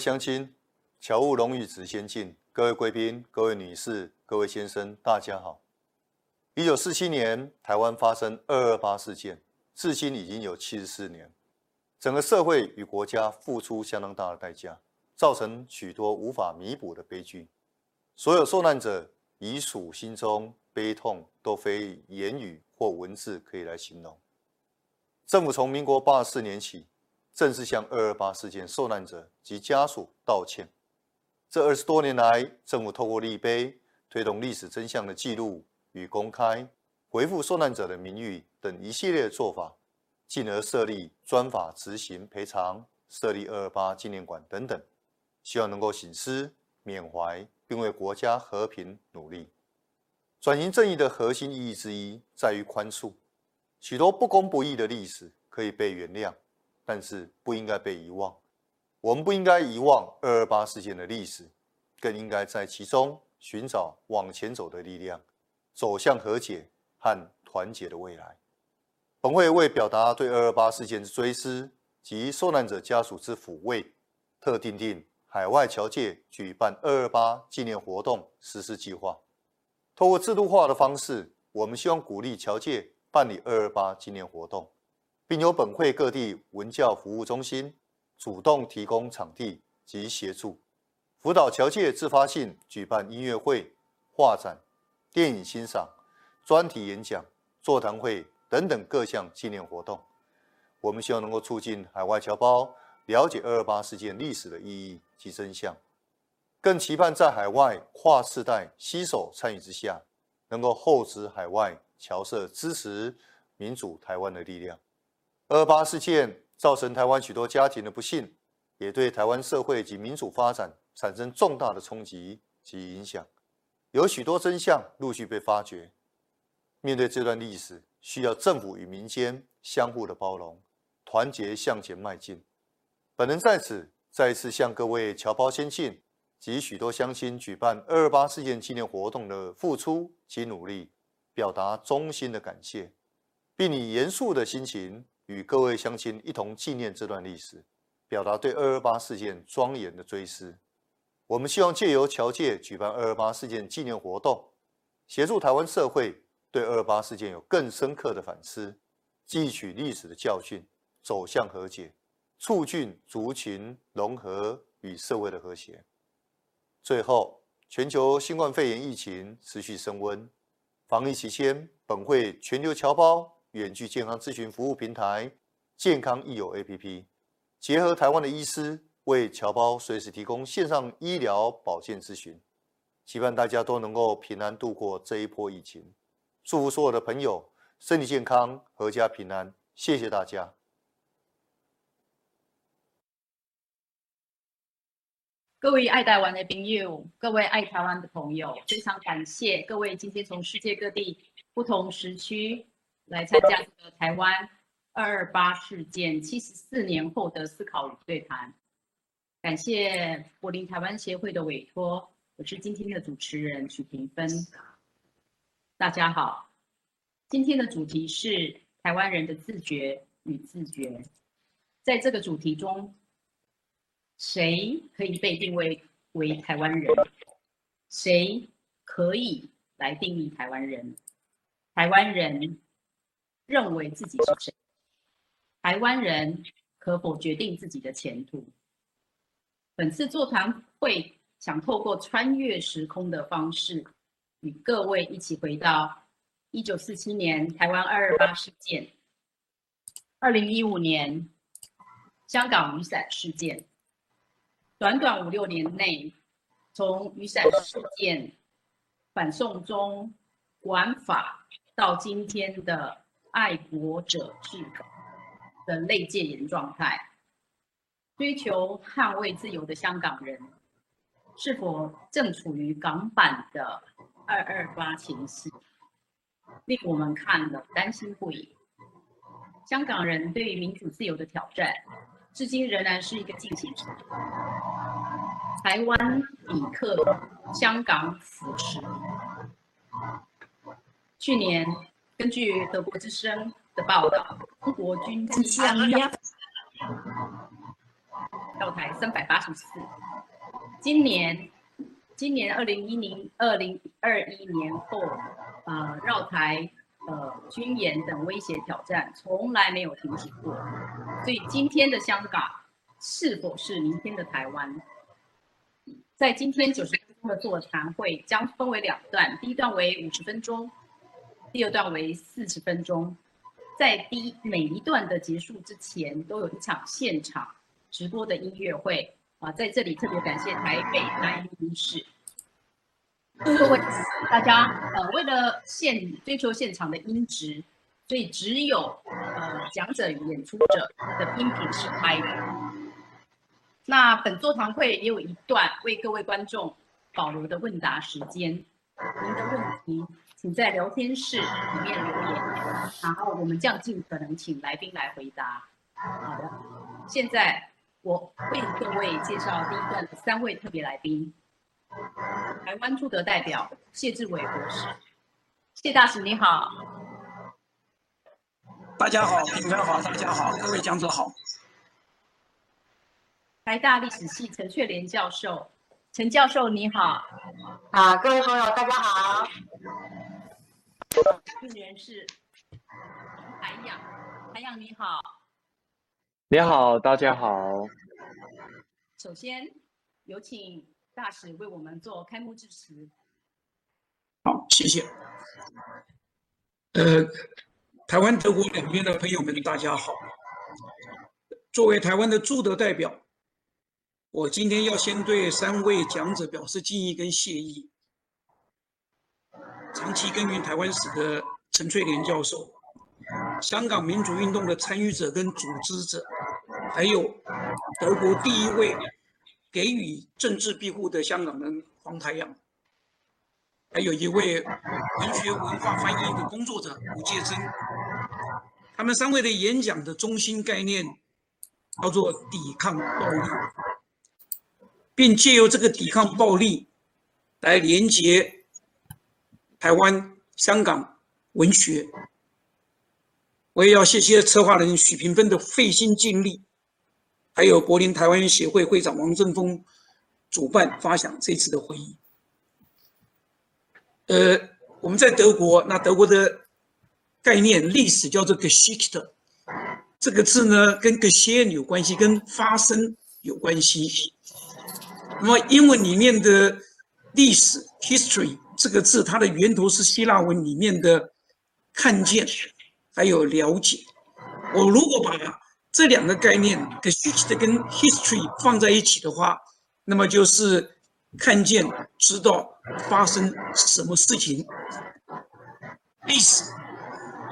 各位鄉親，僑務榮譽職先進，各位貴賓，各位女士，各位先生，大家好。一九四七年，台灣發生二二八事件，至今已經有七十四年，整個社會與國家付出相當大的代價，造成許多無法彌補的悲劇。所有受難者遺屬心中悲痛，都非言語或文字可以來形容。政府從民國八十四年起，正式向二二八事件受難者及家屬道歉。這二十多年來，政府透過立碑、推動歷史真相的記錄與公開、回復受難者的名譽等一系列的做法，進而設立專法、執行賠償、設立二二八紀念館等等，希望能夠省思、緬懷，並為國家和平努力。轉型正義的核心意義之一，在於寬恕，許多不公不義的歷史可以被原諒。但是不應該被遺忘，我們不應該遺忘二二八事件的歷史，更應該在其中尋找往前走的力量，走向和解和團結的未來。本會為表達對二二八事件之追思及受難者家屬之撫慰，特訂定海外僑界舉辦二二八紀念活動實施計劃。通過制度化的方式，我們希望鼓勵僑界辦理二二八紀念活動。並由本會各地文教服務中心主動提供場地及協助，輔導僑界自發性舉辦音樂會、畫展、電影欣賞、專題演講、座談會等等各項紀念活動。我們希望能夠促進海外僑胞了解二二八事件歷史的意義及真相，更期盼在海外跨世代攜手參與之下，能夠厚植海外僑社支持民主台灣的力量。二二八事件造成台灣許多家庭的不幸，也對台灣社會及民主發展產生重大的衝擊及影響。有許多真相陸續被發掘。面對這段歷史，需要政府與民間相互的包容，團結向前邁進。本人在此再一次向各位僑胞先進及許多鄉親舉辦二二八事件紀念活動的付出及努力，表達衷心的感謝，並以嚴肅的心情，與各位鄉親一同紀念這段歷史，表達對二二八事件莊嚴的追思。我們希望借由僑界舉辦二二八事件紀念活動，協助台灣社會對二二八事件有更深刻的反思，汲取歷史的教訓，走向和解，促進族群融合與社會的和諧。最後，全球新冠肺炎疫情持續升溫，防疫期間，本會全球僑胞。遠距健康諮詢服務平台“健康益友 ”APP，結合台灣的醫師，為僑胞隨時提供線上醫療保健諮詢。希望大家都能夠平安度過這一波疫情，祝福所有的朋友身體健康、闔家平安。謝謝大家！各位愛台灣的朋友，各位愛台灣的朋友，非常感謝各位今天從世界各地不同時區。來參加這個台灣二二八事件七十四年後的思考與對談，感謝柏林台灣協會的委托，我是今天的主持人許平芬。大家好，今天的主題是台灣人的自覺與自決。在這個主題中，誰可以被定位為台灣人？誰可以來定義台灣人？台灣人？認為自己是誰？台灣人可否決定自己的前途？本次座談會想透過穿越時空的方式，與各位一起回到一九四七年台灣二二八事件、二零一五年香港雨傘事件，短短五六年內，從雨傘事件反送中、玩法到今天的。愛國者治港的類戒嚴狀態，追求捍衛自由的香港人，是否正處於港版的“二二八”前夕，令我們看了擔心不已？香港人對於民主自由的挑戰，至今仍然是一個進行時。台灣抵克，香港扶持，去年。根據德國之聲的報道，中國軍機到台三百八十四。今年，今年二零一零、二零二一年後，呃，繞台、呃，軍演等威脅挑戰從來沒有停止過。所以，今天的香港是否是明天的台灣？在今天九十分鐘的座談會將分為兩段，第一段為五十分鐘。第二段為四十分鐘，在第一每一段的結束之前，都有一場現場直播的音樂會啊，在這裡特別感謝台北愛樂廳室。各位大家，呃，為了現追求現場的音質，所以只有呃講者與演出者的音頻是開的。那本座談會也有一段為各位觀眾保留的問答時間，您的問題。請在聊天室裡面留言，然後我們將盡可能請來賓來回答。好的，現在我為各位介紹第一段的三位特別來賓：台灣駐德代表謝志偉博士，謝大使你好。大家好，評審好，大家好，各位講者好。台大歷史系陳翠蓮教授，陳教授你好。啊，各位朋友大家好。女是韓陽，韓陽你好。你好，大家好。首先，有請大使為我們做開幕致辭。好，謝謝。呃，台灣、德國兩邊的朋友們，大家好。作為台灣的駐德代表，我今天要先對三位講者表示敬意跟謝意。長期耕耘台灣史的陳翠蓮教授，香港民主運動的參與者跟組織者，還有德國第一位給予政治庇護的香港人黃台仰，還有一位文學文化翻譯的工作者吳介生，他們三位的演講的中心概念叫做“抵抗暴力”，並借由這個“抵抗暴力”來連接。台灣、香港文學，我也要謝謝策劃人許平分的費心盡力，還有柏林台灣協會會長王正峰主辦發想這次的會議。呃，我們在德國，那德國的概念歷史叫做 Geschichte 這個字呢，跟 “geschehen” 有關係，跟發生有關係。那麼英文裡面的歷史 history。這個字，它的源頭是希臘文裡面的“看見”還有“了解”。我如果把這兩個概念跟虛起的跟 history 放在一起的話，那麼就是看見，知道發生什麼事情，歷史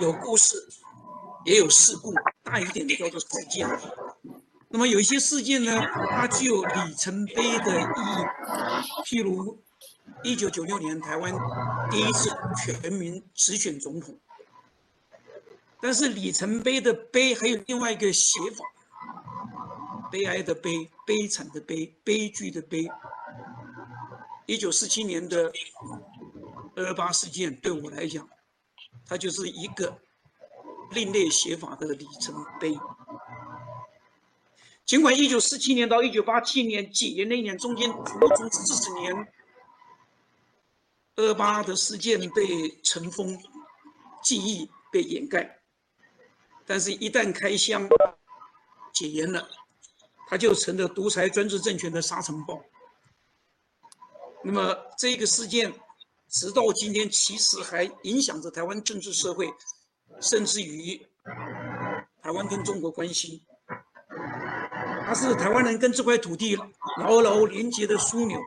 有故事，也有事故，大一點的叫做事件。那麼有一些事件呢，它具有里程碑的意義，譬如。一九九六年台灣第一次全民直選總統，但是里程碑的碑，還有另外一個寫法：悲哀的悲、悲慘的悲、悲劇的悲。一九四七年的二二八事件對我來講，它就是一個另類寫法的里程碑。儘管一九四七年到一九八七年幾年那一年中間足足四十年。二八的事件被塵封，記憶被掩蓋，但是，一旦開箱解嚴了，它就成了獨裁專制政權的沙塵暴。那麼，這個事件直到今天，其實還影響着台灣政治社會，甚至於台灣跟中國關係，它是台灣人跟這塊土地牢牢連接的樞紐。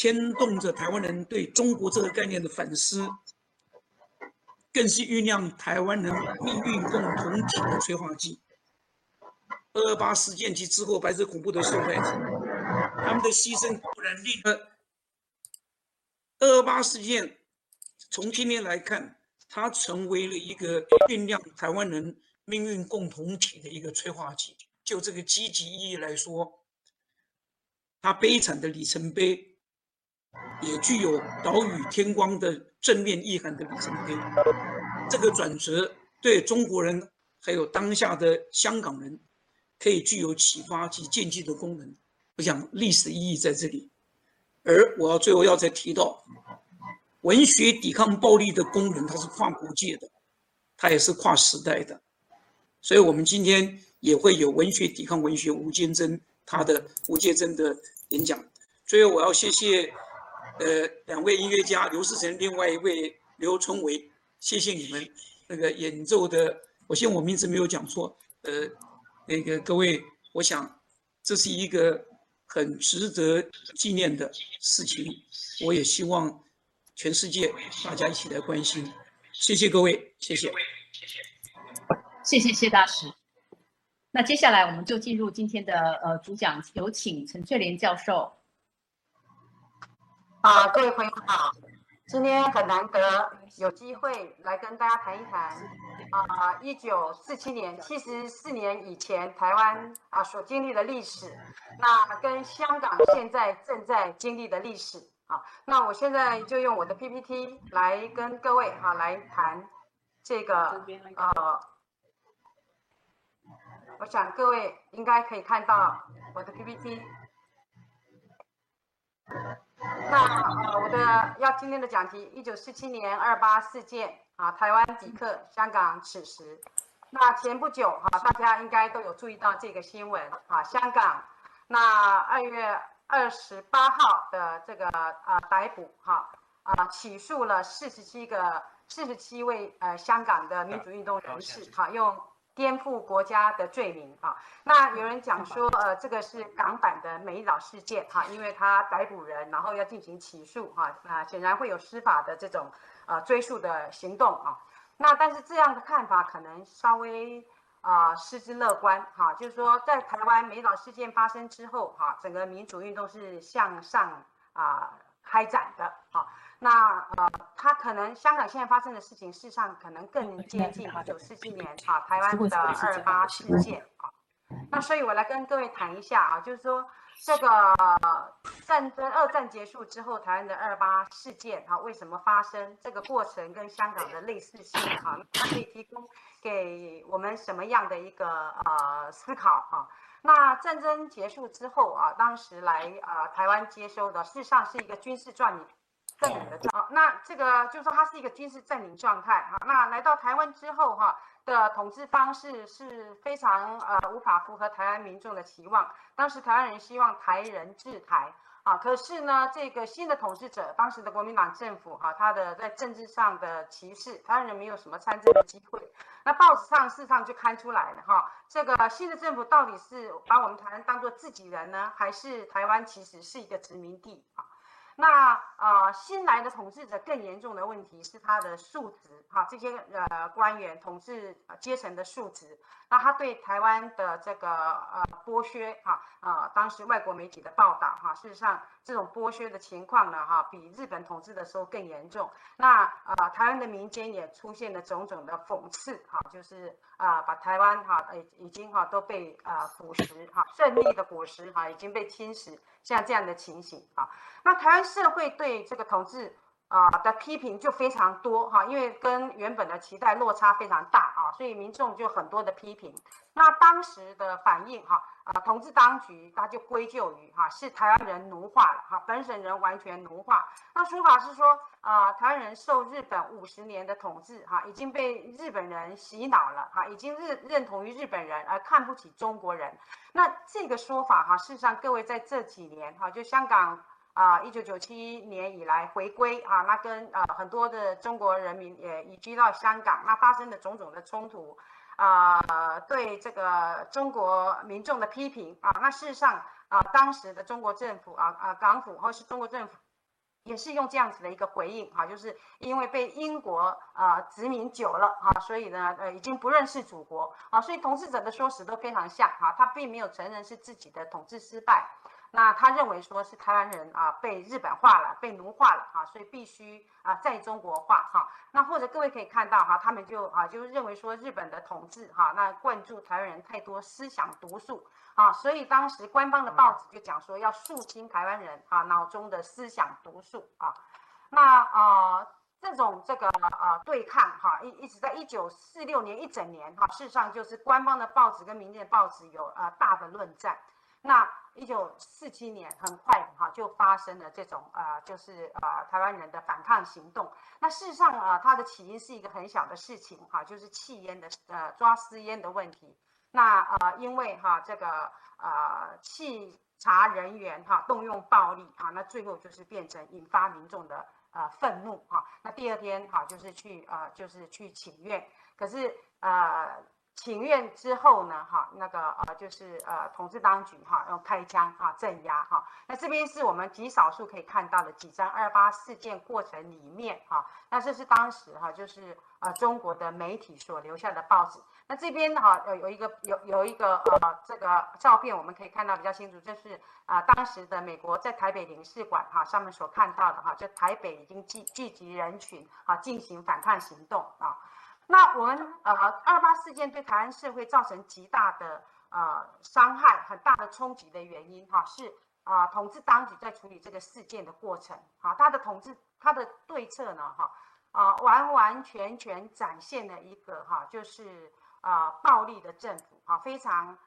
牽動着台灣人對中國這個概念的反思，更是醞釀台灣人命運共同體的催化劑。二二八事件及之後白色恐怖的受害者，他們的犧牲固然令人，二二八事件從今天來看，它成為了一個醞釀台灣人命運共同體的一個催化劑。就這個積極意義來說，它悲慘的里程碑。也具有島嶼天光的正面意涵、的里程碑，這個轉折對中國人還有當下的香港人，可以具有啟發及見機的功能。我想歷史意義在這裡。而我要最後要再提到，文學抵抗暴力的功能，它是跨國界的，它也是跨時代的。所以，我們今天也會有文學抵抗文學吳建珍、他的吳建珍的演講。所以我要謝謝。呃，兩位音樂家劉世成，另外一位劉春偉，謝謝你們那個演奏的。我希望我名字沒有講錯。呃，那個各位，我想這是一個很值得紀念的事情。我也希望全世界大家一起來關心。謝謝各位，謝謝，謝謝謝大師。那接下來我們就進入今天的呃主講，有請陳翠蓮教授。啊，各位朋友好，今天很難得有機會來跟大家談一談啊，一九四七年七十四年以前台灣啊所經歷的歷史，那跟香港現在正在經歷的歷史啊，那我現在就用我的 PPT 來跟各位啊來談這個，啊，我想各位應該可以看到我的 PPT。那呃，我的要今天的講題，一九四七年二八事件啊，台灣底克，香港此時。那前不久哈、啊，大家應該都有注意到這個新聞啊，香港，那二月二十八號的這個啊、呃、逮捕哈啊起訴了四十七個，四十七位呃香港的民主運動人士哈、啊、用。顛覆國家的罪名啊，那有人講說，呃，這個是港版的美麗島事件哈、啊，因為他逮捕人，然後要進行起訴哈，啊，顯然會有司法的這種呃、啊、追訴的行動啊，那但是這樣的看法可能稍微啊失之樂觀哈、啊，就是說在台灣美麗島事件發生之後哈、啊，整個民主運動是向上啊開展的啊。那呃，它可能香港現在發生的事情，事實上可能更接近一九、啊、四七年啊，台灣的二八事件啊。那所以我來跟各位談一下啊，就是說這個戰爭，二戰結束之後，台灣的二八事件啊，為什麼發生？這個過程跟香港的類似性啊，它可以提供給我們什麼樣的一個呃、啊、思考啊？那戰爭結束之後啊，當時來啊台灣接收的，事實上是一個軍事轉移。佔領的好，嗯、那這個就是說它是一個軍事佔領狀態。好，那來到台灣之後哈的統治方式是非常呃無法符合台灣民眾的期望。當時台灣人希望台人治台啊，可是呢這個新的統治者，當時的國民黨政府哈，他的在政治上的歧視，台灣人沒有什麼參政的機會。那報紙上、事實上就刊出來了哈，這個新的政府到底是把我們台灣當做自己人呢，還是台灣其實是一個殖民地？那啊、呃、新來的統治者更嚴重的問題是他的素質哈，這些呃官員統治、呃、階層的素質，那他對臺灣的這個呃剝削哈啊、呃，當時外國媒體的報道哈、啊，事實上這種剝削的情況呢哈、啊，比日本統治的時候更嚴重。那啊、呃、臺灣的民間也出現了種種的諷刺哈、啊，就是啊把臺灣哈呃、啊、已經哈、啊、都被啊腐蝕哈，勝、啊、利的果實哈已經被侵蝕。像這樣的情形啊，那台灣社會對這個統治啊的批評就非常多哈，因為跟原本的期待落差非常大啊，所以民眾就很多的批評。那當時的反應哈。啊，統治當局他就歸咎於哈，是台灣人奴化了哈，本省人完全奴化。那說法是說啊，台灣人受日本五十年的統治哈，已經被日本人洗腦了哈，已經認認同於日本人而看不起中國人。那這個說法哈，事實上各位在這幾年哈，就香港啊，一九九七年以來回歸啊，那跟啊很多的中國人民也移居到香港，那發生的種種的衝突。啊，呃，對這個中國民眾的批評啊，那事實上啊，當時的中國政府啊啊，港府或是中國政府也是用這樣子的一個回應啊，就是因為被英國啊殖民久了啊，所以呢呃已經不認識祖國啊，所以統治者的說辭都非常像啊，他並沒有承認是自己的統治失敗。那他認為說是台灣人啊被日本化了，被奴化了啊，所以必須啊再中國化哈、啊。那或者各位可以看到哈、啊，他們就啊就認為說日本的統治哈、啊，那灌注台灣人太多思想毒素啊，所以當時官方的報紙就講說要肅清台灣人啊腦中的思想毒素啊。那啊、呃、這種這個啊、呃、對抗哈、啊、一一直在一九四六年一整年哈、啊，事實上就是官方的報紙跟民間的報紙有啊、呃、大的論戰，那。一九四七年，很快哈就發生了這種啊，就是啊台灣人的反抗行動。那事實上啊，它的起因是一個很小的事情哈，就是緝煙的呃抓私煙的問題。那啊，因為哈這個啊，緝查人員哈動用暴力哈，那最後就是變成引發民眾的啊憤怒哈。那第二天哈就是去啊，就是去請願，可是啊、呃。請願之後呢，哈，那個啊就是呃，統治當局哈，用開槍啊，鎮壓哈。那這邊是我們極少數可以看到的幾張二八事件過程裡面哈。那這是當時哈，就是啊中國的媒體所留下的報紙。那這邊哈，有有一個有有一個呃，這個照片我們可以看到比較清楚，就是啊，當時的美國在台北領事館哈上面所看到的哈，就台北已經聚聚集人群啊，進行反抗行動啊。那我們呃，二八事件對台灣社會造成極大的呃傷害、很大的衝擊的原因哈，是啊，統治當局在處理這個事件的過程啊，他的統治他的對策呢哈啊，完完全全展現了一個哈，就是啊，暴力的政府啊，非常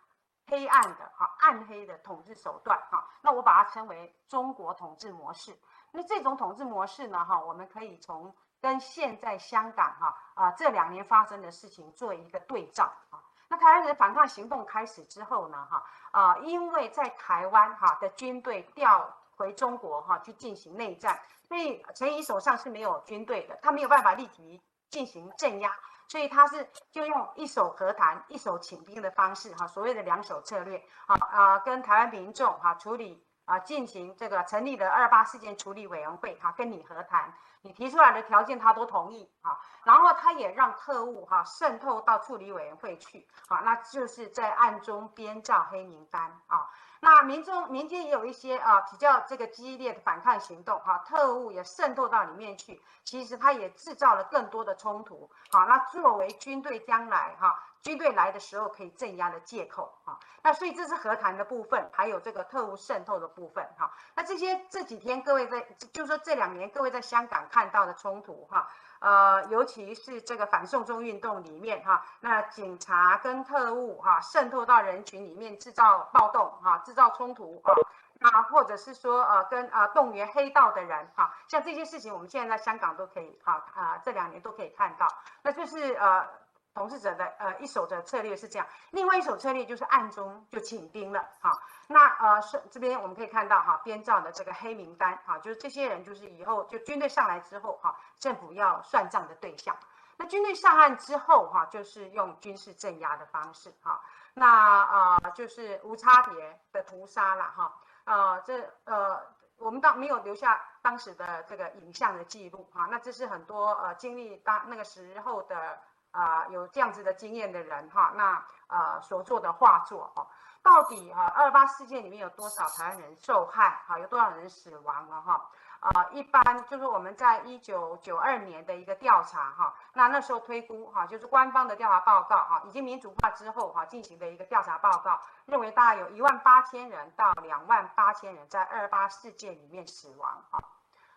黑暗的啊，暗黑的統治手段啊。那我把它稱為中國統治模式。那這種統治模式呢哈，我們可以從。跟現在香港哈啊這兩年發生的事情做一個對照啊，那台灣人反抗行動開始之後呢哈啊，因為在台灣哈的軍隊調回中國哈去進行內戰，所以陳儀手上是沒有軍隊的，他沒有辦法立即進行鎮壓，所以他是就用一手和談，一手請兵的方式哈，所謂的兩手策略啊啊，跟台灣民眾哈處理啊進行這個成立的二八事件處理委員會哈，跟你和談。你提出來的條件他都同意啊，然後他也讓特務哈滲透到處理委員會去啊，那就是在暗中編造黑名單啊。那民眾民間也有一些啊，比較這個激烈的反抗行動哈、啊，特務也滲透到裡面去，其實他也製造了更多的衝突好、啊，那作為軍隊將來哈、啊，軍隊來的時候可以鎮壓的借口啊。那所以這是和談的部分，還有這個特務滲透的部分哈、啊。那這些這幾天各位在，就是說這兩年各位在香港看到的衝突哈、啊。呃，尤其是這個反送中運動裡面哈、啊，那警察跟特務哈、啊、滲透到人群裡面製造暴動哈、啊，製造衝突啊，那或者是說呃、啊、跟、啊、動員黑道的人哈、啊，像這些事情，我們現在在香港都可以哈啊，啊，這兩年都可以看到，那就是呃。啊統治者的呃一手的策略是這樣，另外一手策略就是暗中就請兵了哈，那呃是這邊我們可以看到哈，編造的這個黑名單哈，就是這些人就是以後就軍隊上來之後哈，政府要算賬的對象。那軍隊上岸之後哈，就是用軍事鎮壓的方式哈，那呃就是無差別的屠殺了哈。呃這呃我們倒沒有留下當時的這個影像的記錄哈，那這是很多呃經歷當那個時候的。啊、呃，有這樣子的經驗的人哈，那呃所做的畫作哦，到底哈二八事件裡面有多少台灣人受害哈，有多少人死亡了哈？啊、呃，一般就是我們在一九九二年的一個調查哈，那那時候推估哈，就是官方的調查報告哈，以及民主化之後哈進行的一個調查報告，認為大概有一萬八千人到兩萬八千人在二八事件裡面死亡哈，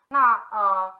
那呃。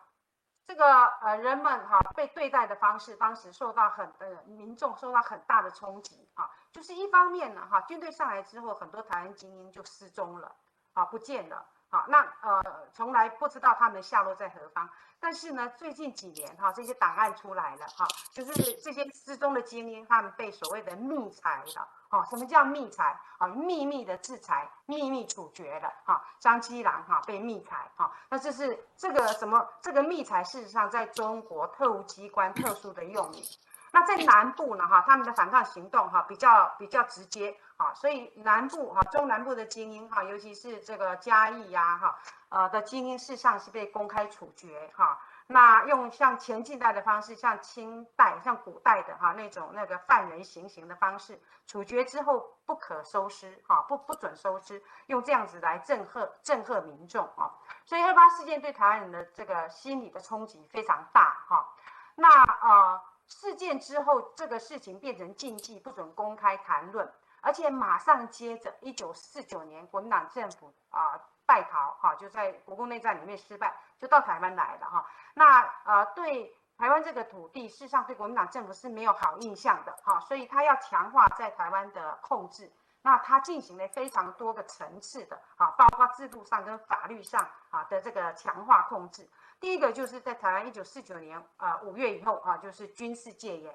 這個呃，人們哈被對待的方式，當時受到很呃民眾受到很大的衝擊啊，就是一方面呢哈，軍隊上來之後，很多台灣精英就失蹤了啊，不見了啊，那呃從來不知道他們下落在何方。但是呢，最近幾年哈，這些檔案出來了哈，就是這些失蹤的精英，他們被所謂的密裁了。哦，什麼叫密裁？哦，秘密的制裁，秘密處決的。哈，張七郎哈被密裁。哈，那這是這個什麼？這個密裁事實上在中國特務機關特殊的用語。那在南部呢？哈，他們的反抗行動哈比較比較直接。哈，所以南部哈中南部的精英哈，尤其是這個嘉義呀哈呃的精英，事實上是被公開處決。哈。那用像前近代的方式，像清代、像古代的哈那種那個犯人行刑的方式，處決之後不可收屍哈，不不准收屍，用這樣子來震懾震懾民眾啊。所以二二八事件對台灣人的這個心理的衝擊非常大哈。那、呃、事件之後，這個事情變成禁忌，不准公開談論，而且馬上接着，一九四九年國民黨政府啊、呃、敗逃哈，就在國共內戰裡面失敗。就到台灣來了哈，那呃，對台灣這個土地，事實上對國民黨政府是沒有好印象的哈，所以他要強化在台灣的控制。那他進行了非常多個層次的啊，包括制度上跟法律上啊的這個強化控制。第一個就是在台灣一九四九年啊五月以後啊，就是軍事戒嚴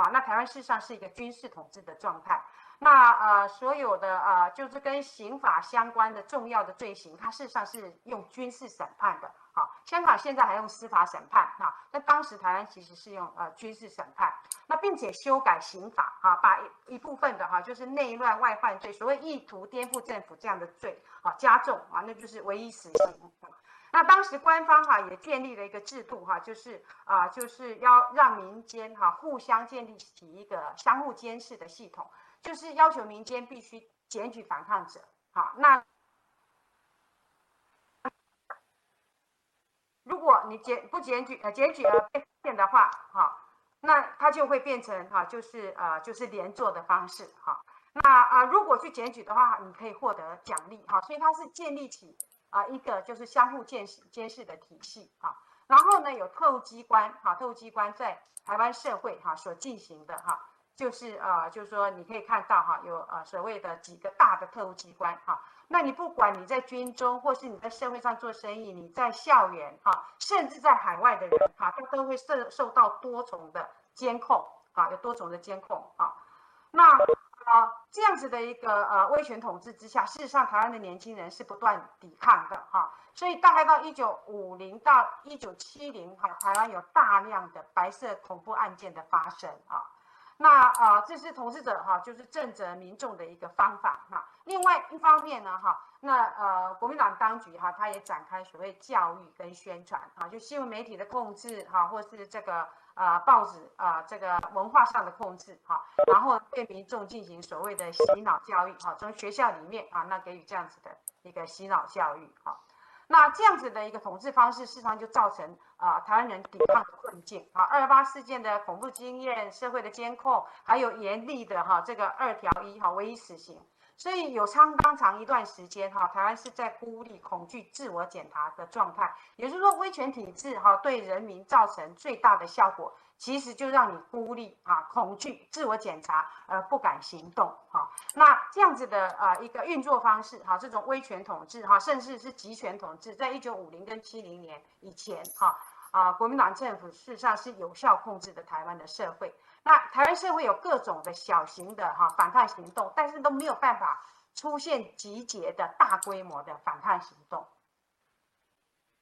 啊，那台灣事實上是一個軍事統治的狀態。那呃，所有的呃就是跟刑法相關的重要的罪行，它事實上是用軍事審判的。好，香港現在還用司法審判啊，那當時台灣其實是用呃軍事審判，那並且修改刑法啊，把一部分的哈就是內亂外患罪，所謂意圖顛覆政府這樣的罪啊加重啊，那就是唯一死刑。那當時官方哈也建立了一個制度哈，就是啊就是要讓民間哈互相建立起一個相互監視的系統，就是要求民間必須檢舉反抗者。好，那。你檢不檢舉呃，檢舉了被騙的話，好，那他就會變成哈，就是呃，就是連坐的方式哈。那啊，如果去檢舉的話，你可以獲得獎勵哈。所以它是建立起啊一個就是相互監視監視的體系啊。然後呢，有特務機關哈，特務機關在台灣社會哈所進行的哈，就是啊就是說你可以看到哈，有啊所謂的幾個大的特務機關哈。那你不管你在軍中，或是你在社會上做生意，你在校園啊，甚至在海外的人哈，他都會受受到多重的監控啊，有多重的監控啊。那啊，這樣子的一個呃威權統治之下，事實上台灣的年輕人是不斷抵抗的哈。所以大概到一九五零到一九七零哈，台灣有大量的白色恐怖案件的發生啊。那啊，這是統治者哈，就是整治民眾的一個方法哈。另外一方面呢哈，那呃國民黨當局哈，他也展開所謂教育跟宣傳啊，就新聞媒體的控制哈，或是這個呃報紙啊這個文化上的控制哈，然後對民眾進行所謂的洗腦教育啊，從學校裡面啊，那給予這樣子的一個洗腦教育啊。那這樣子的一個統治方式，事實上就造成啊台灣人抵抗的困境啊。二二八事件的恐怖經驗、社會的監控，還有嚴厲的哈、啊、這個二條一哈、啊、唯一死刑，所以有相當長一段時間哈，台灣是在孤立、恐懼、自我檢查的狀態。也就是說，威權體制哈、啊、對人民造成最大的效果。其實就讓你孤立啊、恐懼、自我檢查而不敢行動哈。那這樣子的啊一個運作方式哈，這種威權統治哈，甚至是集權統治，在一九五零跟七零年以前哈啊，國民黨政府事實上是有效控制了台灣的社會。那台灣社會有各種的小型的哈反抗行動，但是都沒有辦法出現集結的大規模的反抗行動。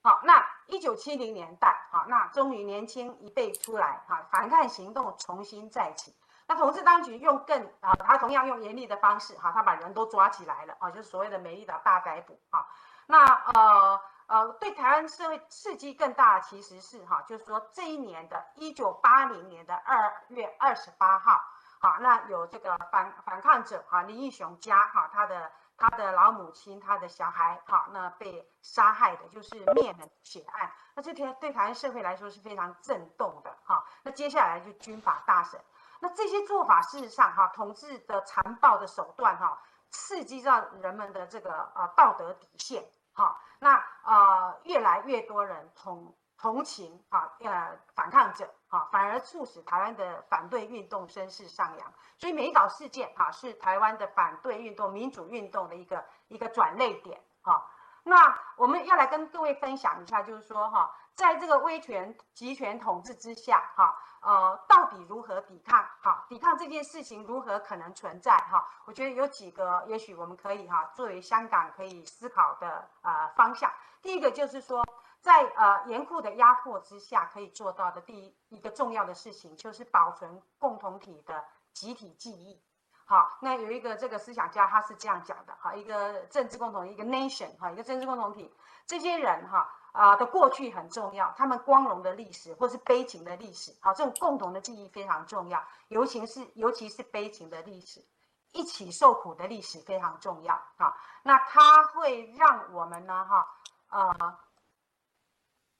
好，那一九七零年代，好，那終於年輕一輩出來，哈，反抗行動重新再起。那統治當局用更啊，他同樣用嚴厲的方式，哈，他把人都抓起來了，啊，就是所謂的“美麗島大逮捕”啊。那呃呃，對台灣社會刺激更大的其實是哈，就是說這一年的一九八零年的二月二十八號，好，那有這個反反抗者哈，林義雄家，哈，他的。他的老母親，他的小孩，哈，那被殺害的就是滅門血案。那這天對台灣社會來說是非常震動的，哈。那接下來就軍法大審。那這些做法事實上，哈，統治的殘暴的手段，哈，刺激到人們的這個啊道德底線，哈。那呃，越來越多人同同情哈，呃，反抗者。啊，反而促使台灣的反對運動聲勢上揚，所以美導事件啊，是台灣的反對運動、民主運動的一個一個轉淚點哈，那我們要來跟各位分享一下，就是說哈，在這個威權、集權統治之下哈，呃，到底如何抵抗？哈，抵抗這件事情如何可能存在？哈，我覺得有幾個，也許我們可以哈，作為香港可以思考的啊方向。第一個就是說。在呃嚴酷的壓迫之下，可以做到的第一一個重要的事情，就是保存共同體的集體記憶。好，那有一個這個思想家，他是這樣講的：哈，一個政治共同，一個 nation，哈，一個政治共同體，這些人哈啊的過去很重要，他們光榮的歷史或是悲情的歷史，好，這種共同的記憶非常重要，尤其是尤其是悲情的歷史，一起受苦的歷史非常重要。哈，那它會讓我們呢，哈，呃。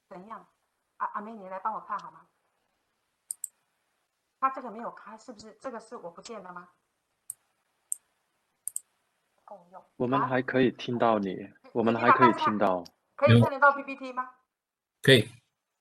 怎樣，阿、啊、阿妹，你來幫我看好嗎？他、啊、這個沒有開，是不是這個是我不見了嗎？我們還可以聽到你，啊、我們還可以聽到。可以看得到 PPT 嗎？可以，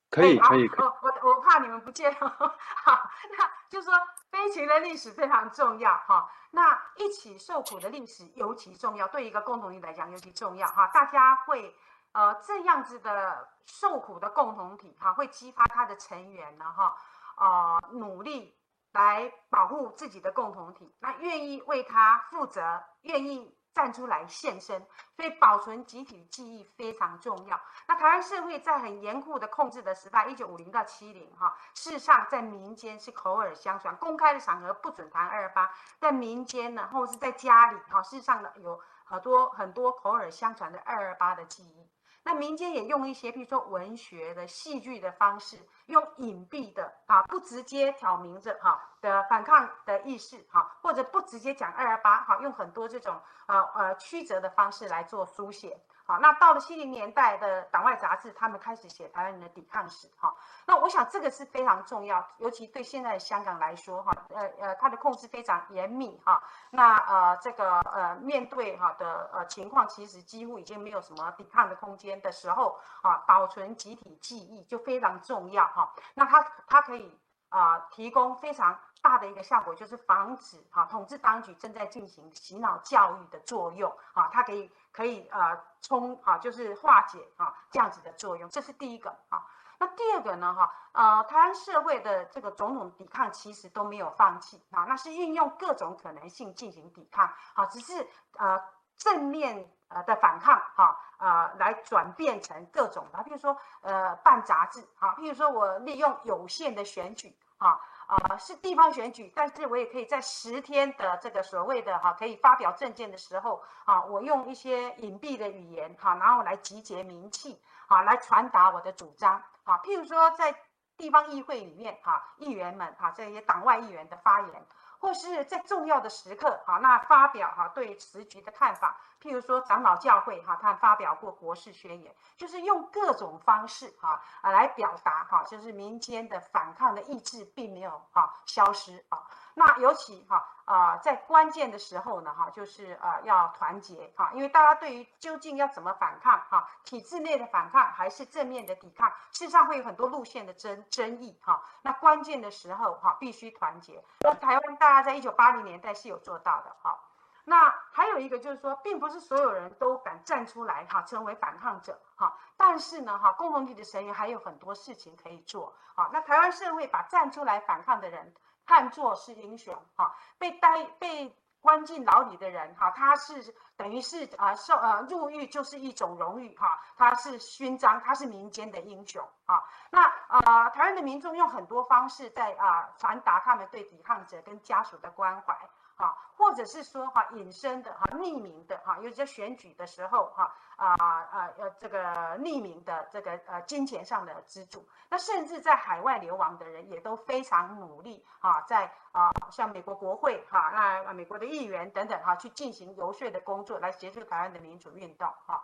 可以，可以。啊、可以我我我怕你們不見。 好，那就是說，悲情的歷史非常重要哈、啊。那一起受苦的歷史尤其重要，對一個共同體來講尤其重要哈、啊。大家會。呃，這樣子的受苦的共同體，哈，會激發他的成員呢，哈，啊，努力來保護自己的共同體，那願意為他負責，願意站出來獻身，所以保存集體記憶非常重要。那台灣社會在很嚴酷的控制的時代，一九五零到七零，哈，事實上在民間是口耳相傳，公開的場合不准談二二八，在民間呢，或是在家裡，哈，事實上呢，有很多很多口耳相傳的二二八的記憶。那民間也用一些，比如說文學的、戲劇的方式，用隱蔽的啊，不直接挑明着哈的反抗的意識哈，或者不直接講二二八哈，用很多這種啊呃曲折的方式來做書寫。那到了七零年代的黨外雜誌，他們開始寫台灣人的抵抗史。哈，那我想這個是非常重要，尤其對現在的香港來說，哈，呃呃，它的控制非常嚴密。哈，那呃這個呃面對哈的呃情況，其實幾乎已經沒有什麼抵抗的空間的時候，啊，保存集體記憶就非常重要。哈，那他他可以啊提供非常。大的一個效果就是防止哈、啊、統治當局正在進行洗腦教育的作用啊，它可以可以呃衝啊，就是化解啊這樣子的作用，這是第一個啊。那第二個呢哈、啊、呃，台灣社會的這個種種抵抗其實都沒有放棄啊，那是運用各種可能性進行抵抗啊，只是呃正面呃的反抗哈、啊、呃來轉變成各種的、啊，比如說呃辦雜誌啊，譬如說我利用有限的選舉啊。啊，是地方選舉，但是我也可以在十天的這個所謂的哈，可以發表政見的時候啊，我用一些隱蔽的語言哈，然後來集結民氣啊，來傳達我的主張啊。譬如說在地方議會裡面哈，議員們哈，這些黨外議員的發言，或是在重要的時刻啊，那發表哈對時局的看法。譬如說，長老教會哈，它發表過國事宣言，就是用各種方式哈啊來表達哈，就是民間的反抗的意志並沒有消失啊。那尤其哈啊在關鍵的時候呢哈，就是啊要團結哈，因為大家對於究竟要怎麼反抗哈，體制內的反抗還是正面的抵抗，事實上會有很多路線的爭爭議哈。那關鍵的時候哈，必須團結。台灣大家在一九八零年代是有做到的哈。那還有一個就是說，並不是所有人都敢站出來哈，成為反抗者哈。但是呢哈，共同體的成員還有很多事情可以做啊，那台灣社會把站出來反抗的人看作是英雄哈，被逮被關進牢裡的人哈，他是等於是啊受啊入獄就是一種榮譽哈，他是勳章，他是民間的英雄啊。那啊，呃，台灣的民眾用很多方式在啊傳達他們對抵抗者跟家屬的關懷。啊，或者是說哈，隱身的哈，匿名的哈，尤其在選舉的時候哈，啊啊，呃這個匿名的這個呃金錢上的資助，那甚至在海外流亡的人也都非常努力啊，在啊，像美國國會哈，那美國的議員等等哈，去進行游說的工作，來協助台灣的民主運動哈。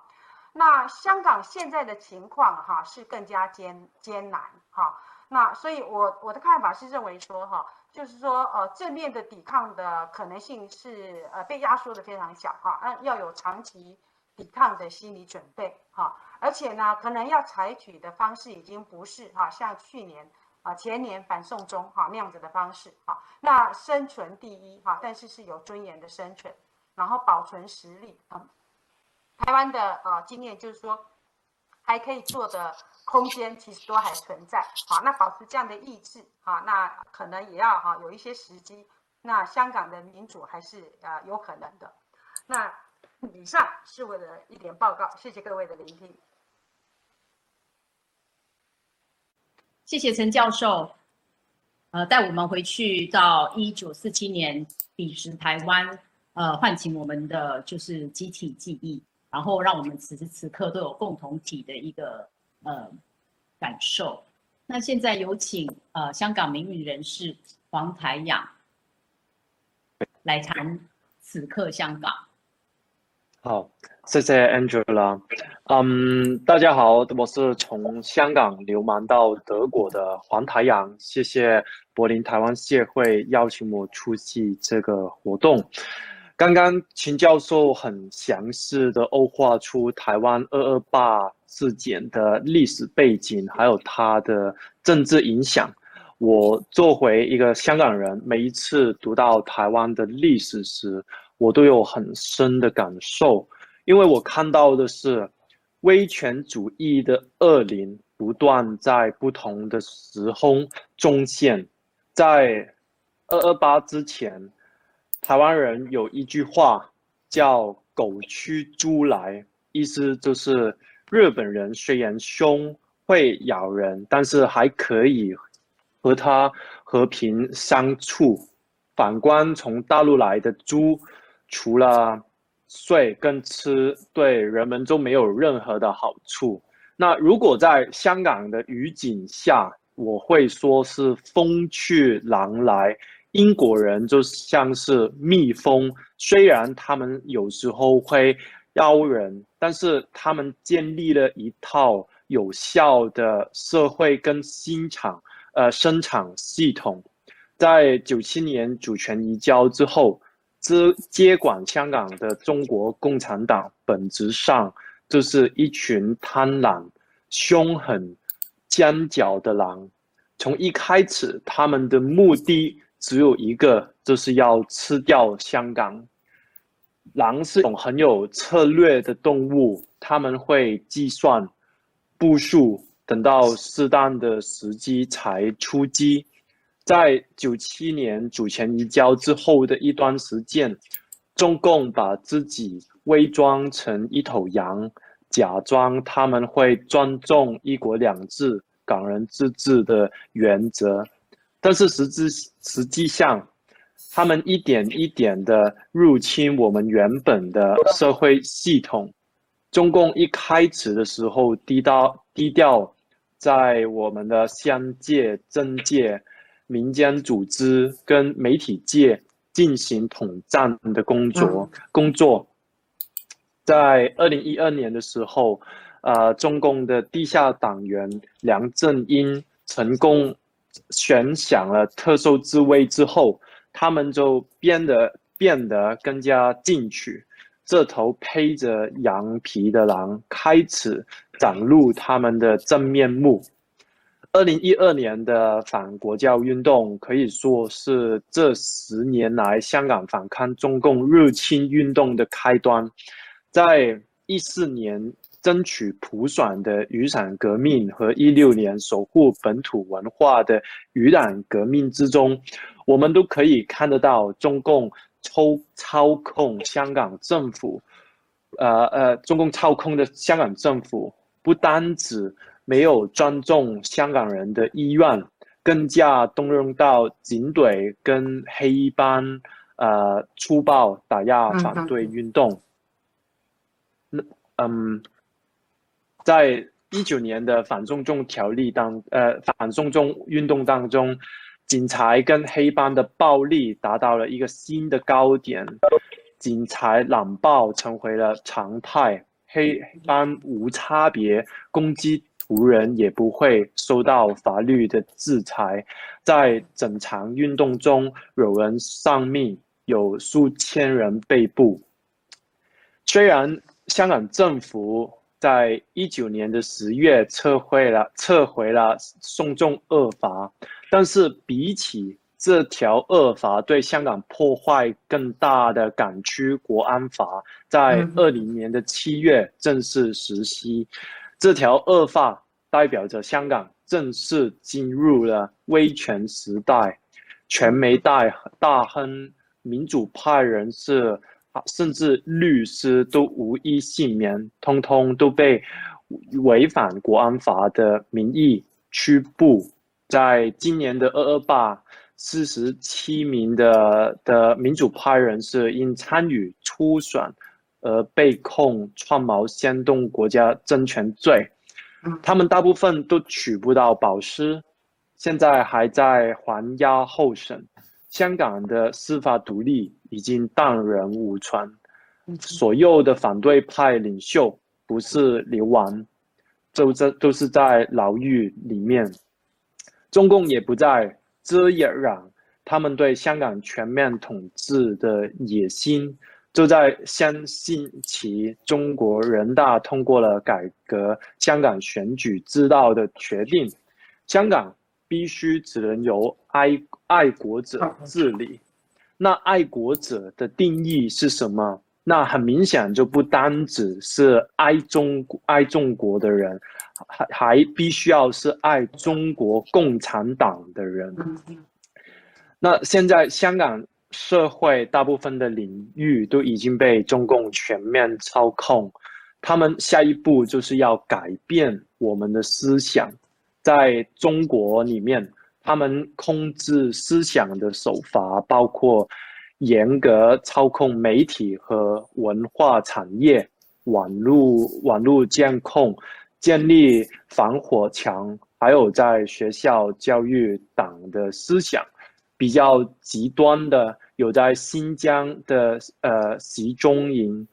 那香港現在的情況哈，是更加艱艱難哈。那所以我我的看法是認為說哈。就是說，呃，正面的抵抗的可能性是，呃，被壓縮得非常小哈，要有長期抵抗的心理準備哈，而且呢，可能要採取的方式已經不是哈，像去年啊、前年反送中哈那樣子的方式哈,那生存第一哈，但是是有尊嚴的生存，然後保存實力，台灣的啊經驗就是說，還可以做的空間其實都還存在，好，那保持這樣的意志，哈，那可能也要哈有一些時機，那香港的民主還是啊有可能的。那以上是我的一點報告，謝謝各位的聆聽，謝謝陳教授，呃，帶我們回去到一九四七年，彼時台灣，呃，喚醒我們的就是集體記憶。然後讓我們此時此刻都有共同體的一個呃感受。那現在有請呃香港民主人士黃台陽來談此刻香港。好，謝謝 Angela。嗯，um，大家好，我是從香港流亡到德國的黃台陽。謝謝柏林台灣協會邀請我出席這個活動。剛剛秦教授很詳細的勾畫出台灣二二八事件的歷史背景，還有它的政治影響。我作為一個香港人，每一次讀到台灣的歷史時，我都有很深的感受，因為我看到的是威權主義的惡靈不斷在不同的時空重現，在二二八之前。台灣人有一句話叫“狗去豬來”，意思就是日本人雖然凶會咬人，但是還可以和他和平相處。反觀從大陸來的豬，除了睡跟吃，對人們都沒有任何的好處。那如果在香港的雨景下，我會說是“風去狼來”。英國人就像是蜜蜂，雖然他們有時候會咬人，但是他們建立了一套有效的社會跟生產呃生產系統。在九七年主權移交之後，接接管香港的中國共產黨本質上就是一群貪婪、兇狠、尖角的狼。從一開始，他們的目的。只有一個，就是要吃掉香港。狼是一種很有策略的動物，他們會計算步數，等到適當的時機才出擊。在九七年主權移交之後的一段時間，中共把自己偽裝成一頭羊，假裝他們會尊重“一國兩制”、“港人自治”的原則。但是實質實際上，他們一點一點的入侵我們原本的社會系統。中共一開始的時候低，低到低調，在我們的鄉界、政界、民間組織跟媒體界進行統戰的工作。工作、嗯，在二零一二年的時候，呃，中共的地下黨員梁振英成功。懸響了特首之位之後，他們就變得變得更加進取。這頭披着羊皮的狼開始展露他們的真面目。二零一二年的反國教運動可以說是這十年來香港反抗中共入侵運動的開端。在一四年。爭取普選的雨傘革命和一六年守護本土文化的雨傘革命之中，我們都可以看得到中共抽操控香港政府，呃呃，中共操控的香港政府不單止沒有尊重香港人的意願，更加動用到警隊跟黑幫，呃，粗暴打壓反對運動。嗯嗯。那，嗯。在一九年的反送中條例當，呃，反送中運動當中，警察跟黑幫的暴力達到了一個新的高點，警察濫暴成為了常態，黑黑幫無差別攻擊途人也不會受到法律的制裁。在整場運動中，有人喪命，有數千人被捕。雖然香港政府，在一九年的十月撤回了撤回了送中惡法，但是，比起這條惡法對香港破壞更大的港區國安法，在二零年的七月正式實施，這條惡法代表着香港正式進入了威權時代，傳媒大大亨、民主派人士。甚至律師都無一幸免，通通都被違反國安法的名義拘捕。在今年的二二八，四十七名的的民主派人士因參與初選而被控串謀煽動國家政權罪，他們大部分都取不到保釋，現在還在還押候審。香港的司法獨立已經蕩然無存，所有的反對派領袖不是流亡，都在都是在牢獄裡面。中共也不再遮掩，他們對香港全面統治的野心，就在相信其中國人大通過了改革香港選舉制度的決定，香港。必須只能由愛愛國者治理，那愛國者的定義是什麼？那很明顯就不單只是愛中愛中國的人，還還必須要是愛中國共產黨的人。那現在香港社會大部分的領域都已經被中共全面操控，他們下一步就是要改變我們的思想。在中國裡面，他們控制思想的手法包括嚴格操控媒體和文化產業、網路網路監控、建立防火牆，還有在學校教育黨的思想。比較極端的有在新疆的呃集中營。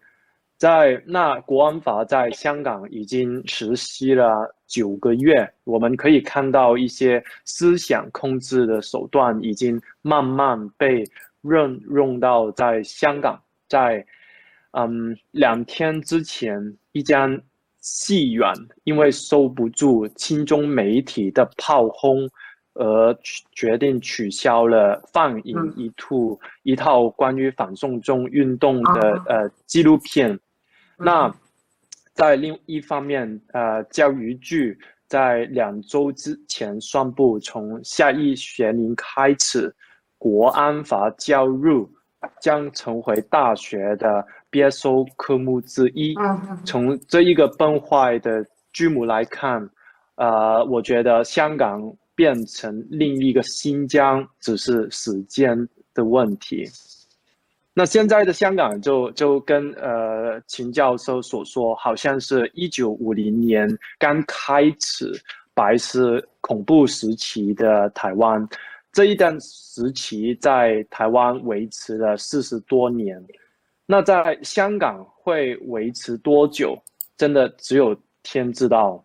在那國安法在香港已經實施了九個月，我們可以看到一些思想控制的手段已經慢慢被運用到在香港。在嗯兩天之前，一家戲院因為受不住親中媒體的炮轟，而決定取消了放映一兔、嗯、一套關於反送中運動的、啊、呃紀錄片。 那，在另一方面，呃，教育局在兩周之前宣布，從下一學年開始，國安法教育將成為大學的必修科目之一。 從這一個崩壞的劇目來看，呃，我覺得香港變成另一個新疆只是時間的問題。那現在的香港就就跟呃秦教授所說，好像是一九五零年剛開始白色恐怖時期的台灣，這一段時期在台灣維持了四十多年，那在香港會維持多久？真的只有天知道。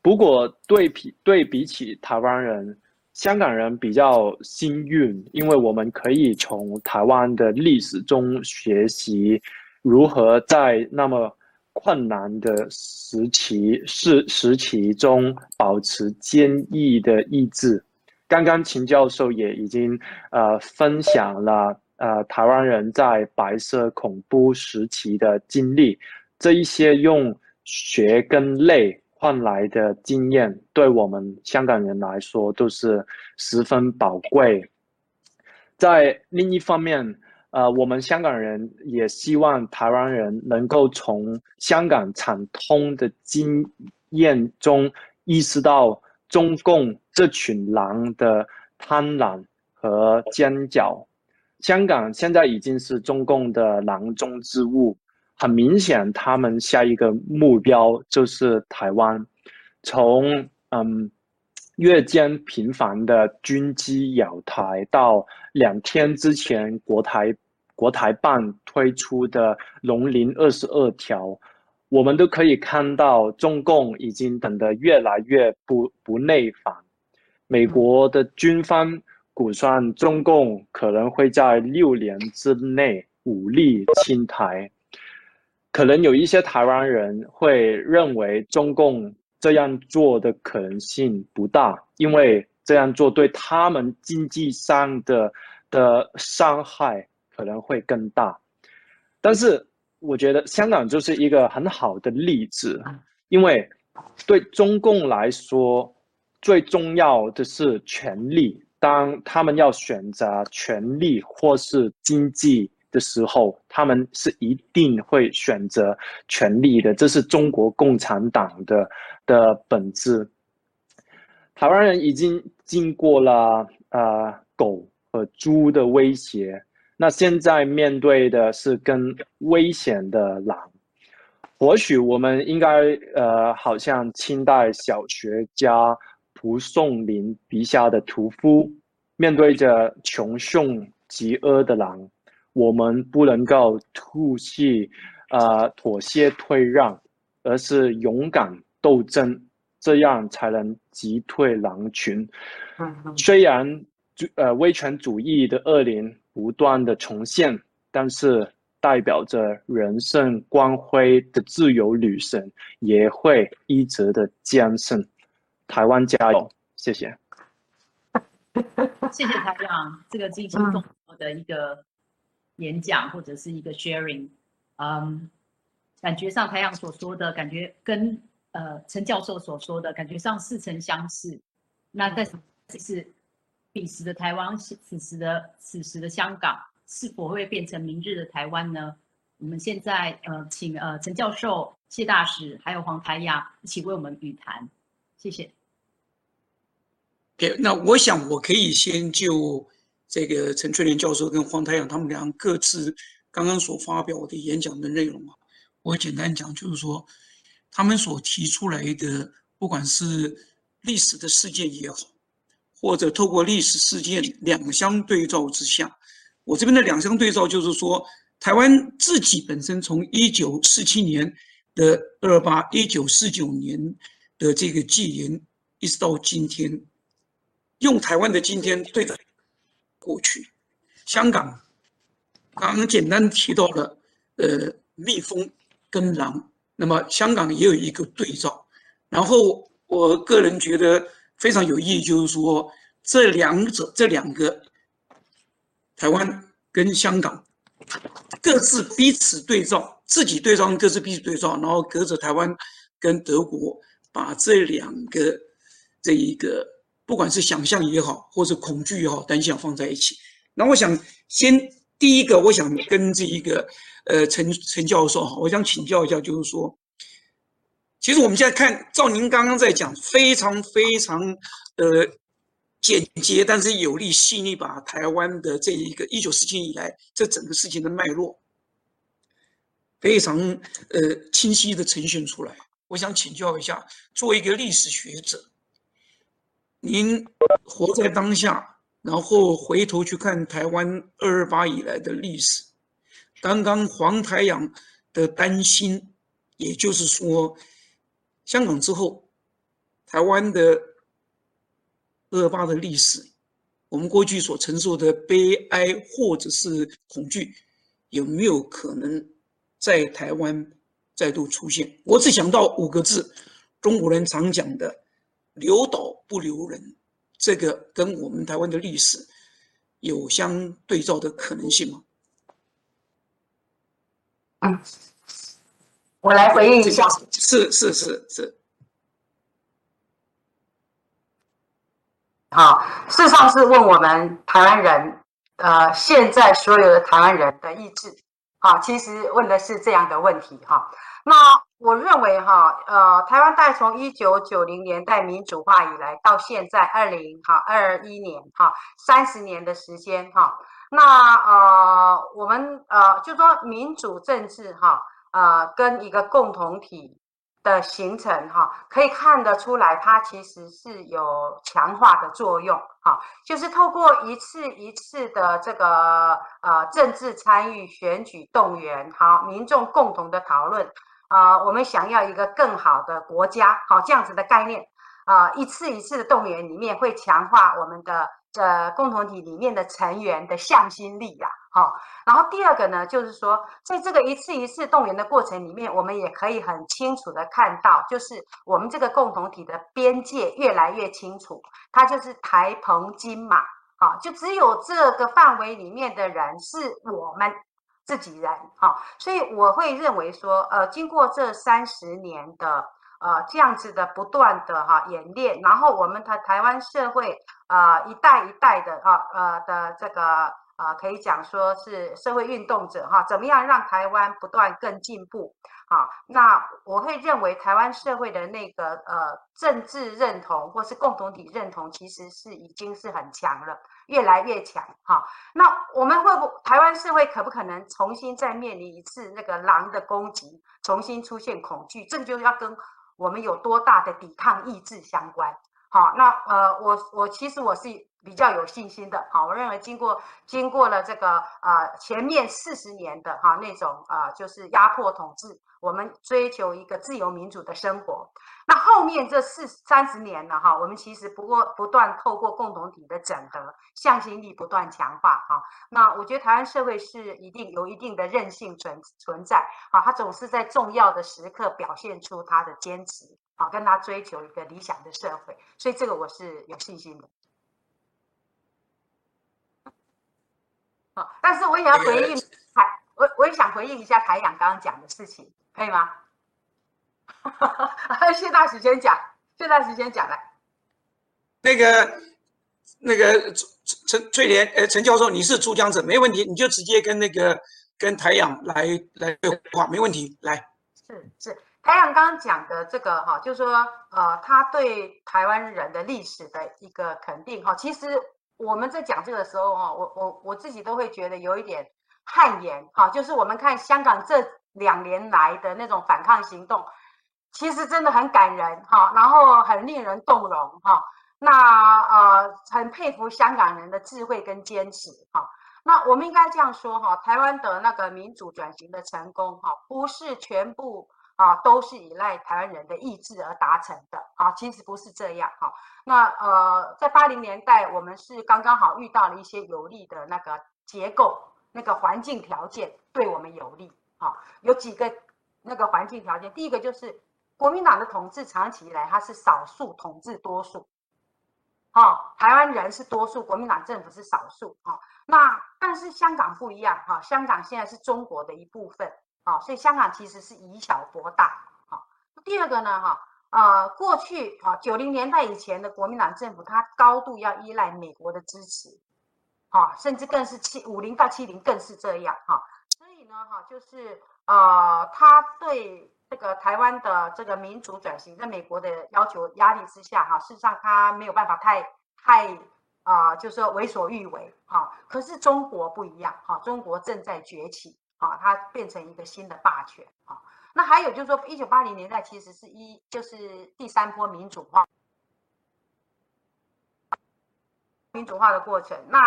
不過對比對比起台灣人。香港人比較幸運，因為我們可以從台灣的歷史中學習如何在那麼困難的時期、時時期中保持堅毅的意志。剛剛秦教授也已經呃分享了呃台灣人在白色恐怖時期的經歷，這一些用血跟淚。換來的經驗，對我們香港人來說都是十分寶貴。在另一方面，呃，我們香港人也希望台灣人能夠從香港慘痛的經驗中，意識到中共這群狼的貪婪和奸狡。香港現在已經是中共的囊中之物。很明顯，他們下一個目標就是台灣從，從嗯，月間頻繁的軍機擾台，到兩天之前國台國台辦推出的“龍鱗二十二條”，我們都可以看到，中共已經等得越來越不不耐煩。美國的軍方估算，中共可能會在六年之內武力侵台。可能有一些台灣人會認為中共這樣做的可能性不大，因為這樣做對他們經濟上的的傷害可能會更大。但是，我覺得香港就是一個很好的例子，因為對中共來說，最重要的是權力。當他們要選擇權力或是經濟的時候，他們是一定會選擇權力的，這是中國共產黨的的本質。台灣人已經經過了呃狗和豬的威脅，那現在面對的是更危險的狼。或許我們應該呃，好像清代小說家蒲松齡筆下的屠夫，面對着窮凶極惡的狼。我們不能夠吐氣，呃，妥協退讓，而是勇敢鬥爭，這樣才能擊退狼群。嗯嗯、雖然呃，威權主義的惡靈不斷的重現，但是代表着人生光輝的自由女神也會一直的堅信。台灣加油！謝謝。謝謝台長，這個驚心動魄的一個。演講或者是一個 sharing，嗯、um，感覺上台陽所說的感覺跟呃陳教授所說的感覺上似曾相識。那但是彼時的台灣，此時的此時的香港是否會變成明日的台灣呢？我們現在呃請呃陳教授、謝大使還有黃台陽一起為我們語談，謝謝。OK，那我想我可以先就。這個陳翠蓮教授跟黃太陽他們倆各自剛剛所發表的演講的內容啊，我簡單講，就是說他們所提出來的，不管是歷史的事件也好，或者透過歷史事件兩相對照之下，我這邊的兩相對照就是說，台灣自己本身從一九四七年的二二八，一九四九年的這個戒嚴，一直到今天，用台灣的今天對照。過去，香港剛剛簡單提到了，呃，蜜蜂跟狼。那麼香港也有一個對照。然後我個人覺得非常有意義，就是說這兩者這兩個，台灣跟香港各自彼此對照，自己對照，各自彼此對照，然後隔着台灣跟德國，把這兩個這一個。不管是想象也好，或是恐懼也好，單向放在一起。那我想先第一個，我想跟這一個呃陳陳教授哈，我想請教一下，就是說，其實我們現在看，照您剛剛在講，非常非常呃簡潔，但是有力、細膩，把台灣的這一個一九四七年以來這整個事情的脈絡，非常呃清晰地呈現出來。我想請教一下，作為一個歷史學者。您活在當下，然後回頭去看台灣二二八以來的歷史，剛剛黃台仰的擔心，也就是說，香港之後，台灣的二二八的歷史，我們過去所承受的悲哀或者是恐懼，有沒有可能在台灣再度出現？我只想到五個字，中國人常講的。留島不留人，這個跟我們台灣的歷史有相對照的可能性嗎？嗯，我來回應一下。是是是是。是是是好，事實上是問我們台灣人，呃，現在所有的台灣人的意志好，啊，其實問的是這樣的問題哈，啊。那。我認為哈，呃，台灣帶從一九九零年代民主化以來，到現在二零哈二一年哈三十年的時間哈，那呃我們呃就說民主政治哈呃跟一個共同體的形成哈，可以看得出來，它其實是有強化的作用哈，就是透過一次一次的這個呃政治參與、選舉動員，哈，民眾共同的討論。啊，呃、我們想要一個更好的國家，好，這樣子的概念啊、呃，一次一次的動員裡面會強化我們的呃共同體裡面的成員的向心力呀，好，然後第二個呢，就是說在這個一次一次動員的過程裡面，我們也可以很清楚的看到，就是我們這個共同體的邊界越來越清楚，它就是台澎金馬，好，就只有這個範圍裡面的人是我們。自己人啊，所以我會認為說，呃，經過這三十年的呃這樣子的不斷的哈演練，然後我們台台灣社會啊、呃、一代一代的啊呃的這個啊、呃、可以講說是社會運動者哈，怎麼樣讓台灣不斷更進步。啊，那我會認為台灣社會的那個呃政治認同或是共同體認同，其實是已經是很強了，越來越強。哈，那我們會不台灣社會可不可能重新再面臨一次那個狼的攻擊，重新出現恐懼？這就要跟我們有多大的抵抗意志相關。好，那呃，我我其實我是比較有信心的。好，我認為經過經過了這個呃前面四十年的哈那種啊、呃、就是壓迫統治。我們追求一個自由民主的生活，那後面這四三十年了哈，我們其實不過不斷透過共同體的整合，向心力不斷強化哈。那我覺得台灣社會是一定有一定的韌性存存在，啊，它總是在重要的時刻表現出它的堅持，啊，跟它追求一個理想的社會，所以這個我是有信心的。好，但是我也要回應台，我我也想回應一下台陽剛剛講的事情。可以嗎？哈哈，謝大使先講，謝大使先講來。那個，那個陳陳翠蓮，呃，陳教授，你是主講者，沒問題，你就直接跟那個跟台陽來來對話，沒問題。來，是是。台陽剛剛講的這個哈，啊，就是說呃，他對台灣人的歷史的一個肯定哈。其實我們在講這個的時候哈，我我我自己都會覺得有一點汗顏哈。就是我們看香港這。兩年來的那種反抗行動，其實真的很感人哈，然後很令人動容哈。那呃，很佩服香港人的智慧跟堅持哈。那我們應該這樣說哈，台灣的那個民主轉型的成功哈，不是全部啊都是依賴台灣人的意志而達成的啊，其實不是這樣哈。那呃，在八零年代，我們是剛剛好遇到了一些有利的那個結構、那個環境條件，對我們有利。有幾個那個環境條件，第一個就是國民黨的統治長期以來，它是少數統治多數，好，台灣人是多數，國民黨政府是少數，好，那但是香港不一樣，哈，香港現在是中國的一部分，好，所以香港其實是以小博大，好。第二個呢，哈，呃，過去，啊，九零年代以前的國民黨政府，它高度要依賴美國的支持，好，甚至更是七五零到七零更是這樣，哈。啊，就是呃，他對這個台灣的這個民主轉型，在美國的要求壓力之下，哈，事實上他沒有辦法太太啊、呃，就是說為所欲為，哈。可是中國不一樣，哈，中國正在崛起，啊，它變成一個新的霸權，啊。那還有就是說，一九八零年代其實是一就是第三波民主化。民主化的過程，那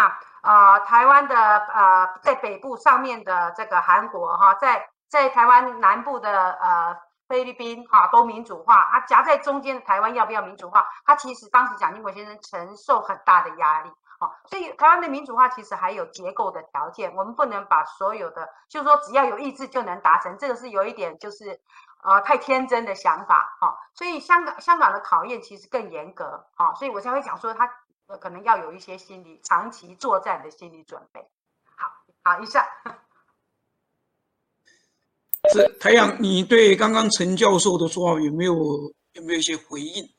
啊、呃，台灣的啊、呃，在北部上面的這個韓國哈，在在台灣南部的呃菲律賓哈都民主化，它、啊、夾在中間台灣要不要民主化？它其實當時蔣經國先生承受很大的壓力，哦，所以台灣的民主化其實還有結構的條件，我們不能把所有的，就是說只要有意志就能達成，這個是有一點就是啊、呃、太天真的想法哈，哦，所以香港香港的考驗其實更嚴格哦，所以我才會講說它。可能要有一些心理長期作戰的心理準備。好，好，一下是。是太陽。你對剛剛陳教授的說話有沒有有沒有一些回應？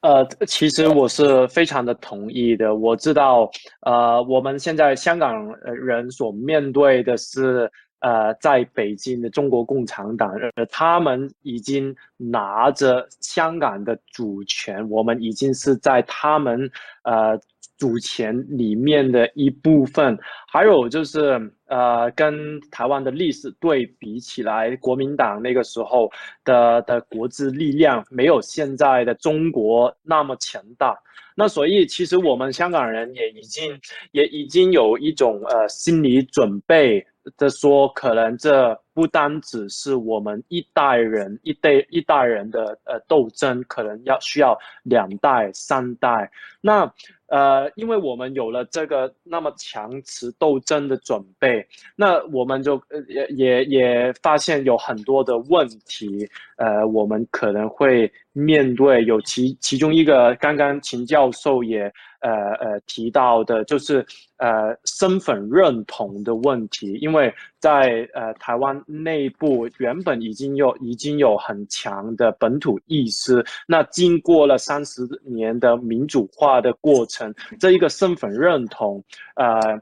呃，其實我是非常的同意的。我知道，呃，我們現在香港人所面對的是。呃，在北京的中國共產黨，呃，他們已經拿着香港的主權，我們已經是在他們，呃。主權裡面的一部分，還有就是呃，跟台灣的歷史對比起來，國民黨那個時候的的國之力量沒有現在的中國那麼強大。那所以其實我們香港人也已經也已經有一種呃心理準備的說，可能這不單只是我們一代人一代一代人的呃鬥爭，可能要需要兩代三代那。呃，因為我們有了這個那麼強持鬥爭的準備，那我們就呃也也也發現有很多的問題，呃，我們可能會面對有其其中一個剛剛秦教授也呃呃提到的，就是呃身份認同的問題，因為在呃台灣內部原本已經有已經有很強的本土意識，那經過了三十年的民主化的過程。這一個身份認同，呃，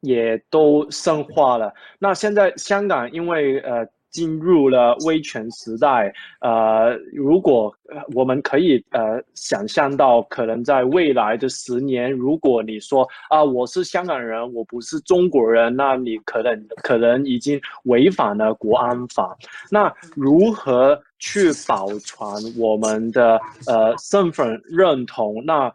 也都深化了。那現在香港因為呃進入了威權時代，呃，如果我們可以呃想象到，可能在未來的十年，如果你說啊，我是香港人，我不是中國人，那你可能可能已經違反了國安法。那如何去保存我們的呃身份認同？那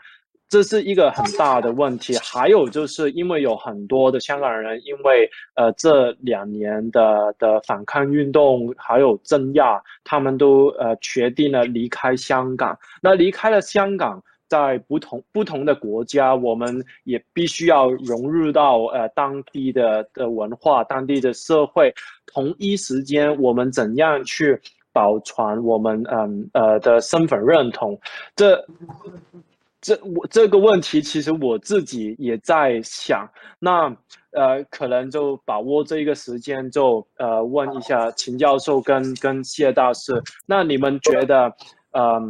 這是一個很大的問題，還有就是因為有很多的香港人，因為呃這兩年的的反抗運動還有鎮壓，他們都呃決定了離開香港。那離開了香港，在不同不同的國家，我們也必須要融入到呃當地的的文化、當地的社會。同一時間，我們怎樣去保存我們嗯呃，呃的身份認同？這。這我這個問題，其實我自己也在想，那呃，可能就把握這個時間就，就呃問一下秦教授跟跟謝大師，那你們覺得呃，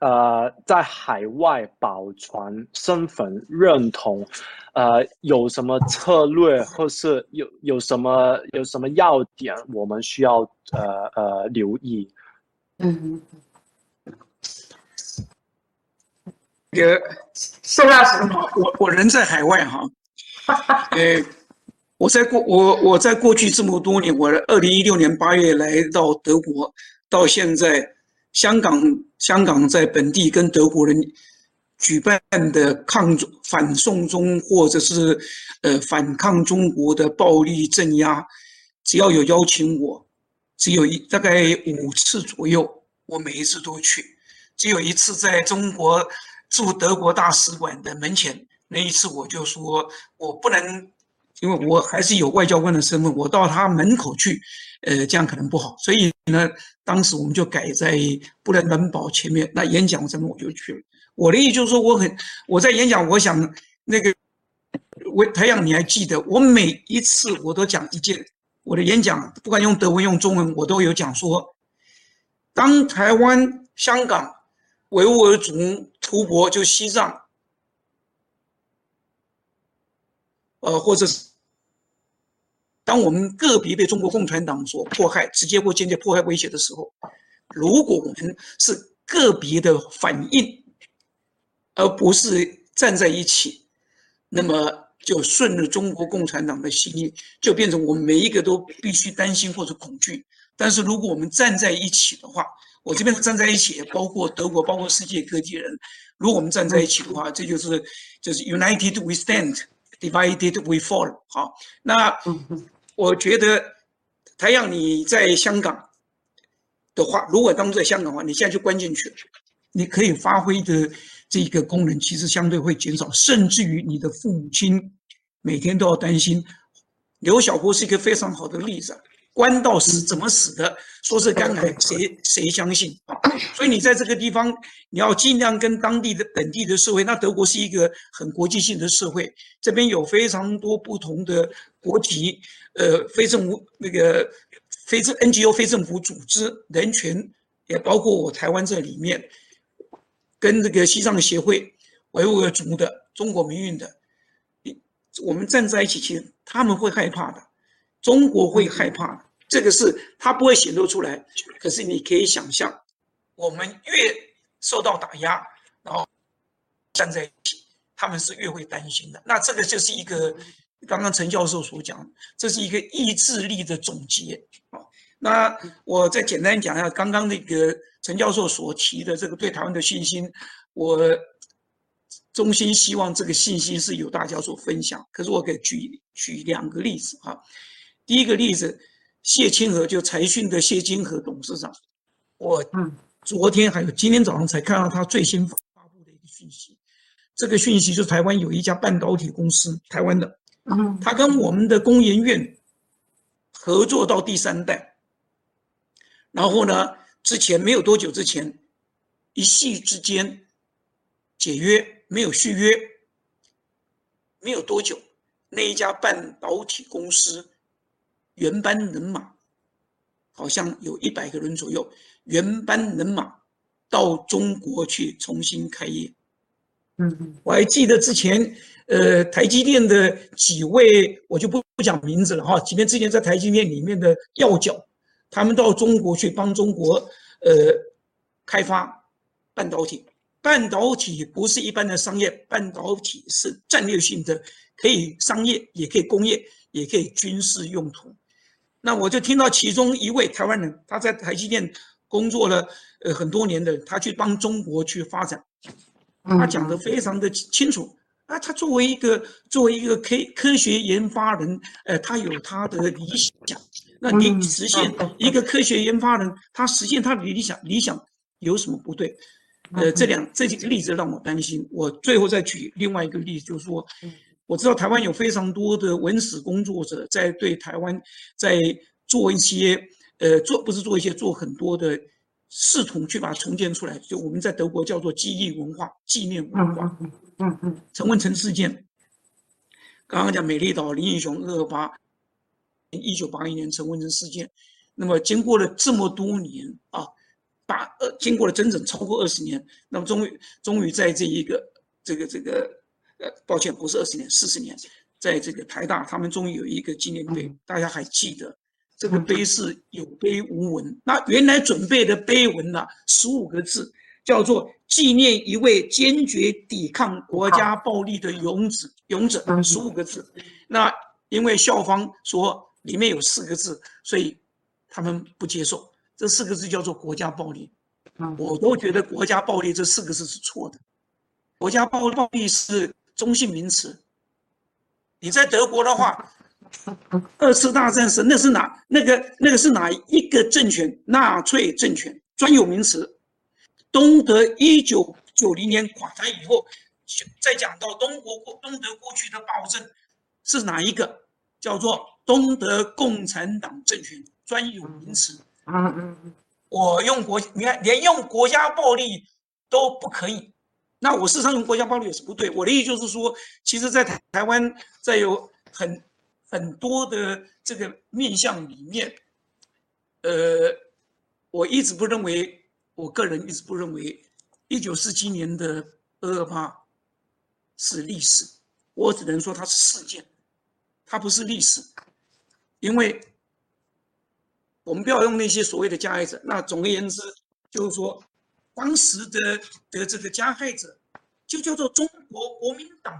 呃，在海外保存身份認同，呃，有什麼策略，或是有有什麼有什麼要點，我們需要呃呃留意？嗯。呃，宋老師我我人在海外哈，呃，我在過我我在過去這麼多年，我二零一六年八月來到德國，到現在，香港香港在本地跟德國人舉辦的抗反送中，或者是呃反抗中國的暴力鎮壓，只要有邀請我，只有一大概五次左右，我每一次都去，只有一次在中國。駐德國大使館的門前，那一次我就說，我不能，因為我還是有外交官的身份，我到他門口去，呃，這樣可能不好。所以呢，當時我們就改在布蘭登堡前面。那演講什麼我就去了。我的意思就是說，我很我在演講，我想那個，我培養你還記得，我每一次我都講一件我的演講，不管用德文用中文，我都有講說，當台灣、香港、維吾爾族。圖博就西藏，呃，或者是當我們個別被中國共產黨所迫害、直接或間接迫害、威脅的時候，如果我們是個別的反應，而不是站在一起，那麼就順着中國共產黨的心意，就變成我們每一個都必須擔心或者恐懼。但是，如果我們站在一起的話，我這邊站在一起，包括德國，包括世界各地人。如果我們站在一起的話，這就是就是 “United we stand, divided we fall”。好，那我覺得，他讓你在香港的話，如果當初在香港的話，你現在就關進去，你可以發揮的這個功能其實相對會減少，甚至於你的父母親每天都要擔心。劉曉波是一個非常好的例子。關到死，怎麼死的？說是肝癌，誰誰相信？所以你在這個地方，你要盡量跟當地的本地的社會。那德國是一個很國際性的社會，這邊有非常多不同的國籍，呃，非政府，那個非政 NGO、非政府組織、人權，也包括我台灣這裡面，跟這個西藏的協會、維吾爾族的、中國民運的，你我們站在一起去，他們會害怕的。中國會害怕的，這個是它不會顯露出來，可是你可以想象，我們越受到打壓，然後站在一起，他們是越會擔心的。那這個就是一個剛剛陳教授所講，這是一個意志力的總結啊。那我再簡單講一下剛剛那個陳教授所提的這個對台灣的信心，我衷心希望這個信心是由大家所分享。可是我給舉舉兩個例子啊。第一個例子，謝金河就財訊的謝金河董事長，我嗯，昨天還有今天早上才看到他最新發佈的一個訊息，這個訊息就是台灣有一家半導體公司，台灣的，他跟我們的工研院合作到第三代，然後呢，之前沒有多久之前，一夕之間解約，沒有續約，沒有多久，那一家半導體公司。原班人馬，好像有一百個人左右。原班人馬到中國去重新開業。嗯，我還記得之前，呃，台積電的幾位，我就不不講名字了哈。幾年之前在台積電裡面的要角，他們到中國去幫中國呃開發半導體。半導體不是一般的商業，半導體是戰略性的，可以商業，也可以工業，也可以軍事用途。那我就聽到其中一位台灣人，他在台積電工作了呃很多年的，他去幫中國去發展，他講得非常的清楚。啊，他作為一個作為一個科科學研發人，呃，他有他的理想。那你實現一個科學研發人，他實現他的理想，理想有什麼不對？呃，這兩這幾個例子讓我擔心。我最後再舉另外一個例子，就是說。我知道台灣有非常多的文史工作者在對台灣，在做一些，呃，做不是做一些做很多的試圖去把它重建出來。就我們在德國叫做記憶文化、紀念文化。嗯嗯。陳、嗯嗯、文成事件，剛剛講美麗島、林義雄二二八，一九八一年陳文成事件。那麼經過了這麼多年啊，八經過了整整超過二十年，那麼終於終於在這一個這個這個。這個呃，抱歉，不是二十年，四十年，在這個台大，他們終於有一個紀念碑，大家還記得？這個碑是有碑無文。那原來準備的碑文呢？十五個字，叫做紀念一位堅決抵抗國家暴力的勇者，勇者，十五個字。那因為校方說裡面有四個字，所以他們不接受。這四個字叫做國家暴力。我都覺得國家暴力這四個字是錯的。國家暴暴力是。中性名詞，你在德國的話，二次大戰時那是哪？那個那個是哪一個政權？納粹政權，專有名詞。東德一九九零年垮台以後，再講到東國過東德過去的暴政是哪一個？叫做東德共產黨政權，專有名詞。嗯嗯嗯，我用國，你看，連用國家暴力都不可以。那我事實上用國家暴力也是不對。我的意思就是說，其實，在台灣，在有很很多的這個面向裡面，呃，我一直不認為，我個人一直不認為，一九四七年的二二八是歷史，我只能說它是事件，它不是歷史，因為我們不要用那些所謂的加害者。那總而言之，就是說。當時的的這個加害者，就叫做中國國民黨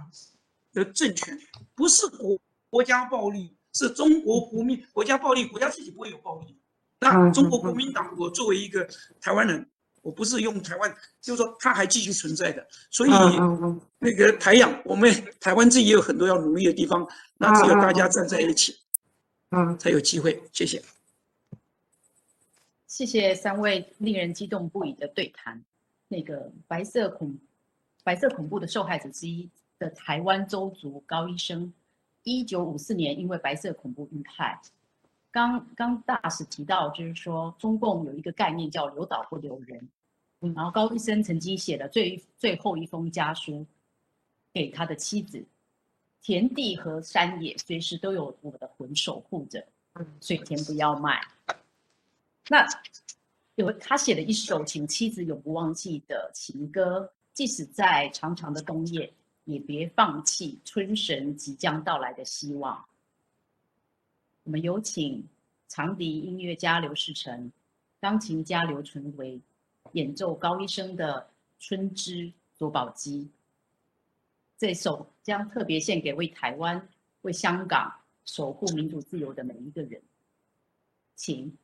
的政權，不是國國家暴力，是中國國民國家暴力，國家自己不會有暴力。那中國國民黨，我作為一個台灣人，我不是用台灣，就是說他還繼續存在的，所以那個台養我們台灣自己也有很多要努力的地方，那只有大家站在一起，啊，才有機會。謝謝。謝謝三位令人激動不已的對談。那個白色恐白色恐怖的受害者之一的台灣鄒族高醫生，一九五四年因為白色恐怖遇害。剛剛大使提到，就是說中共有一個概念叫“留島不留人”。然後高醫生曾經寫了最最後一封家書，給他的妻子：田地和山野隨時都有我的魂守護着，所以田不要賣。那有他寫了一首請妻子永不忘記的情歌，即使在長長的冬夜，也別放棄春神即將到來的希望。我們有請長笛音樂家劉世成、鋼琴家劉純為，演奏高一生的《春之佐保姬》，這首將特別獻給為台灣、為香港守護民主自由的每一個人，請。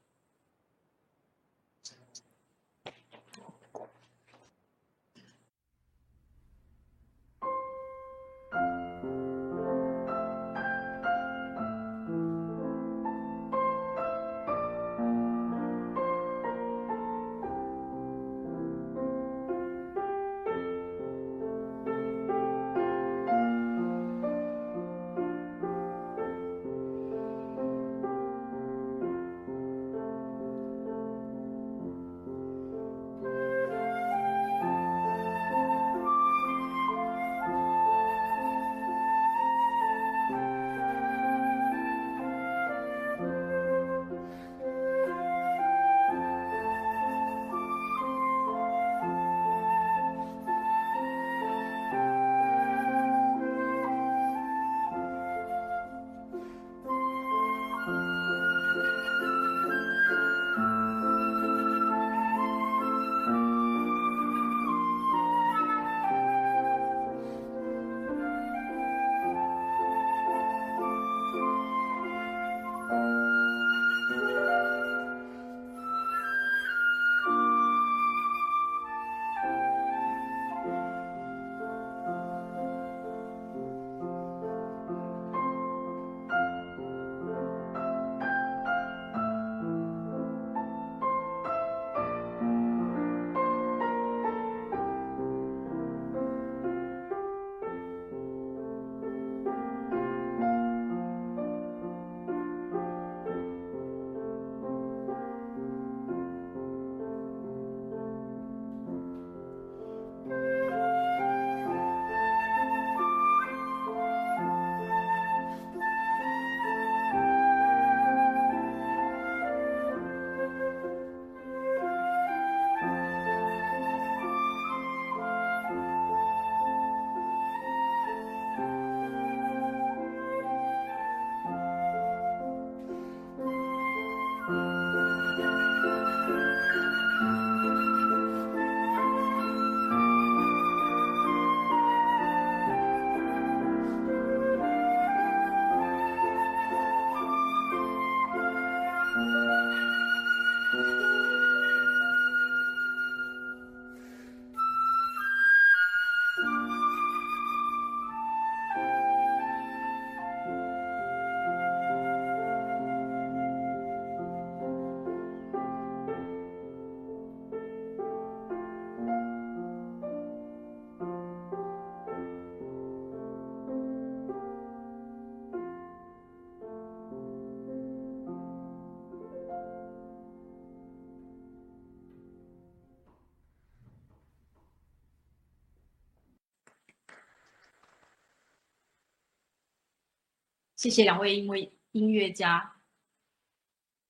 謝謝兩位音樂音樂家，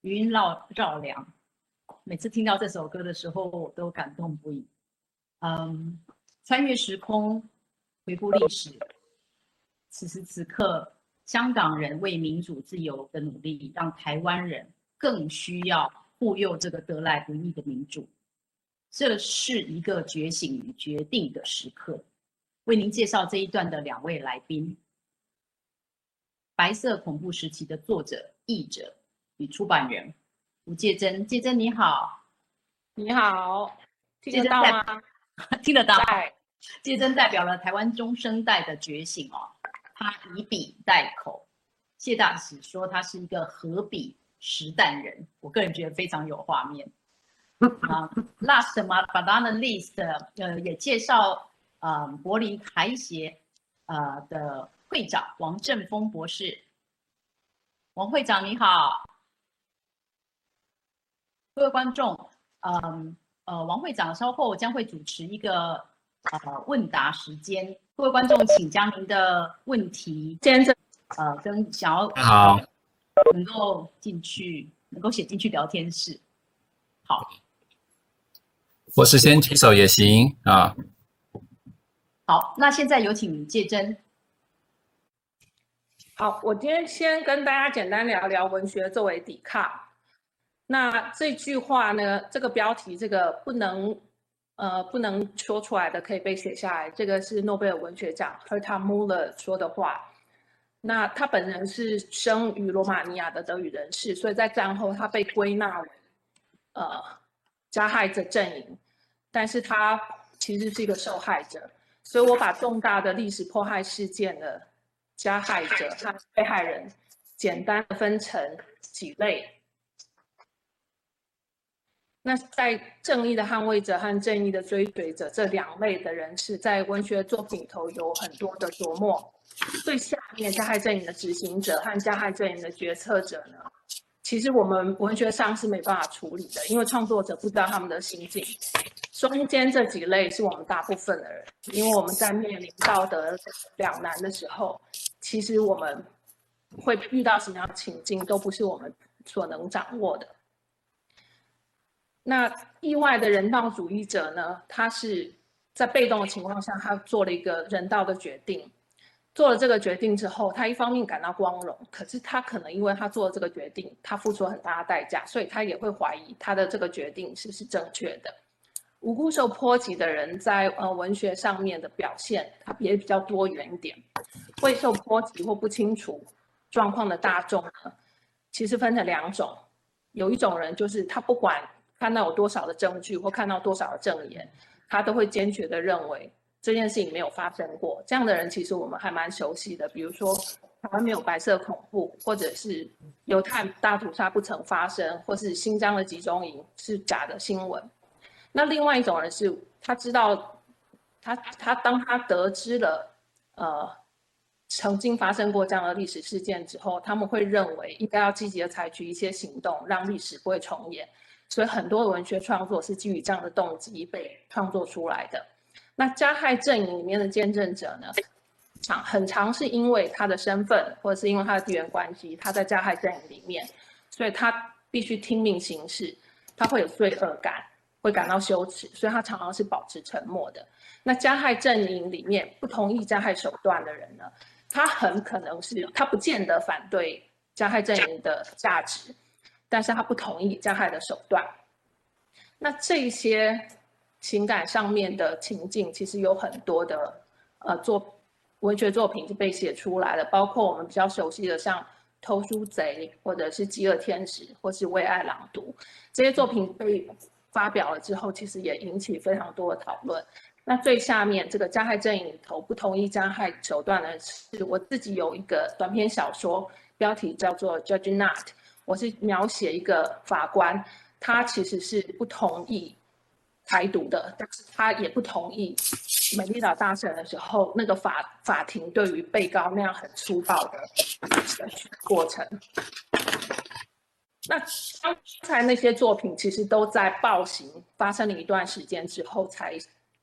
餘音繞繞樑。每次聽到這首歌的時候，我都感動不已。嗯，穿越時空，回顧歷史，此時此刻，香港人為民主自由的努力，讓台灣人更需要護佑這個得來不易的民主。這是一個覺醒與決定的時刻。為您介紹這一段的兩位來賓。《白色恐怖時期》的作者、譯者與出版人吳介珍，介珍你好，你好，聽得到嗎？聽得到。在介珍代表了台灣中生代的覺醒哦，他以筆代口，謝大使說他是一個合筆實彈人，我個人覺得非常有畫面。啊、 uh,，last but not least，呃，也介紹啊、呃，柏林台協啊的。會長王振峰博士，王會長你好，各位觀眾，嗯呃，王會長稍後將會主持一個呃問答時間，各位觀眾請將您的問題，先、呃，真呃跟想要好，能夠進去能夠寫進去聊天室，好，或是先舉手也行啊，好，那現在有請謝珍。好，我今天先跟大家簡單聊聊文學作為抵抗。那這句話呢，這個標題，這個不能呃不能說出來的，可以被寫下來。這個是諾貝爾文學獎 Herta Müller 說的話。那他本人是生於羅馬尼亞的德語人士，所以在戰後他被歸納為呃加害者陣營，但是他其實是一個受害者。所以我把重大的歷史迫害事件呢，加害者和被害人，簡單分成幾類。那在正義的捍衛者和正義的追隨者這兩類的人士，在文學作品頭有很多的琢磨。對，下面加害陣營的執行者和加害陣營的決策者呢，其實我們文學上是沒辦法處理的，因為創作者不知道他們的心境。中間這幾類是我們大部分的人，因為我們在面臨道德兩難的時候。其實我們會遇到什麼樣的情境，都不是我們所能掌握的。那意外的人道主義者呢？他是在被動的情況下，他做了一個人道的決定。做了這個決定之後，他一方面感到光榮，可是他可能因為他做了這個決定，他付出了很大的代價，所以他也會懷疑他的這個決定是不是正確的。無辜受波及的人在呃文學上面的表現，它也比較多元一點。未受波及或不清楚狀況的大眾呢，其實分成兩種。有一種人就是他不管看到有多少的證據或看到多少的證言，他都會堅決的認為這件事情沒有發生過。這樣的人其實我們還蠻熟悉的，比如說台灣沒有白色恐怖，或者是猶太大屠殺不曾發生，或是新疆的集中營是假的新聞。那另外一種人是，他知道，他他當他得知了，呃，曾經發生過這樣的歷史事件之後，他們會認為應該要積極的採取一些行動，讓歷史不會重演。所以很多文學創作是基於這樣的動機被創作出來的。那加害陣營裡面的見證者呢，常很常是因為他的身份，或者是因為他的地緣關係，他在加害陣營裡面，所以他必須聽命行事，他會有罪惡感。會感到羞恥，所以他常常是保持沉默的。那加害陣營裡面不同意加害手段的人呢？他很可能是他不見得反對加害陣營的價值，但是他不同意加害的手段。那這些情感上面的情境，其實有很多的呃作文學作品就被寫出來了，包括我們比較熟悉的像《偷書賊》或者是《飢餓天使》或是《為愛朗讀》這些作品被發表了之後，其實也引起非常多的討論。那最下面這個加害陣營裡頭不同意加害手段的，是我自己有一個短篇小說，標題叫做《Judge Not》，我是描寫一個法官，他其實是不同意台獨的，但是他也不同意美麗島大審的時候那個法法庭對於被告那樣很粗暴的，的過程。那剛才那些作品其實都在暴行發生了一段時間之後才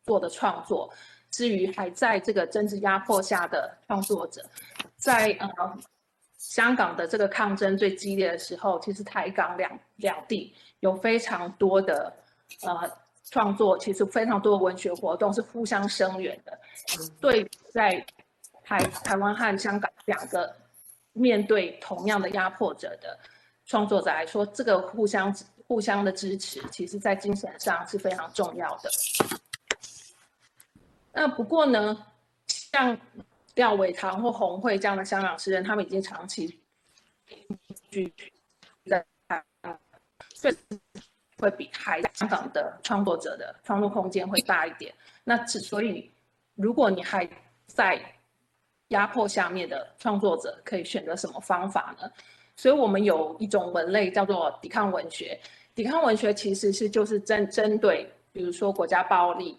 做的創作。至於還在這個政治壓迫下的創作者，在呃香港的這個抗爭最激烈的時候，其實台港兩兩地有非常多的呃創作，其實非常多的文學活動是互相聲援的。對，在台台灣和香港兩個面對同樣的壓迫者的。創作者來說，這個互相互相的支持，其實，在精神上是非常重要的。那不過呢，像廖偉棠或洪慧這樣的香港詩人，他們已經長期在，所以會比還香港的創作者的創作空間會大一點。那之所以，如果你還在壓迫下面的創作者，可以選擇什麼方法呢？所以，我們有一種文類叫做“抵抗文學”。抵抗文學其實是就是針針對，比如說國家暴力、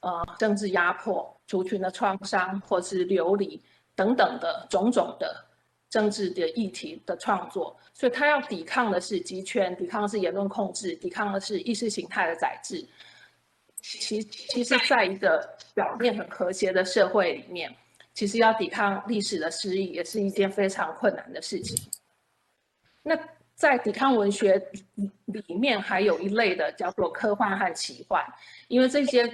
呃政治壓迫、族群的創傷或是流離等等的種種的，政治的議題的創作。所以，他要抵抗的是極權，抵抗的是言論控制，抵抗的是意識形態的宰制。其其實在一個表面很和諧的社會裡面，其實要抵抗歷史的失憶也是一件非常困難的事情。那在抵抗文學裡面，還有一類的叫做科幻和奇幻，因為這些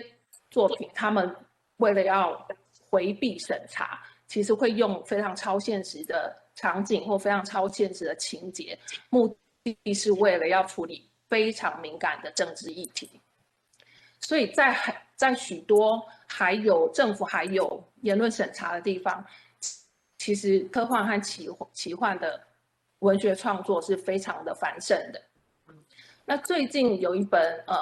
作品，他們為了要回避審查，其實會用非常超現實的場景或非常超現實的情節，目的是為了要處理非常敏感的政治議題。所以在在許多還有政府還有言論審查的地方，其實科幻和奇幻奇幻的。文學創作是非常的繁盛的。嗯，那最近有一本呃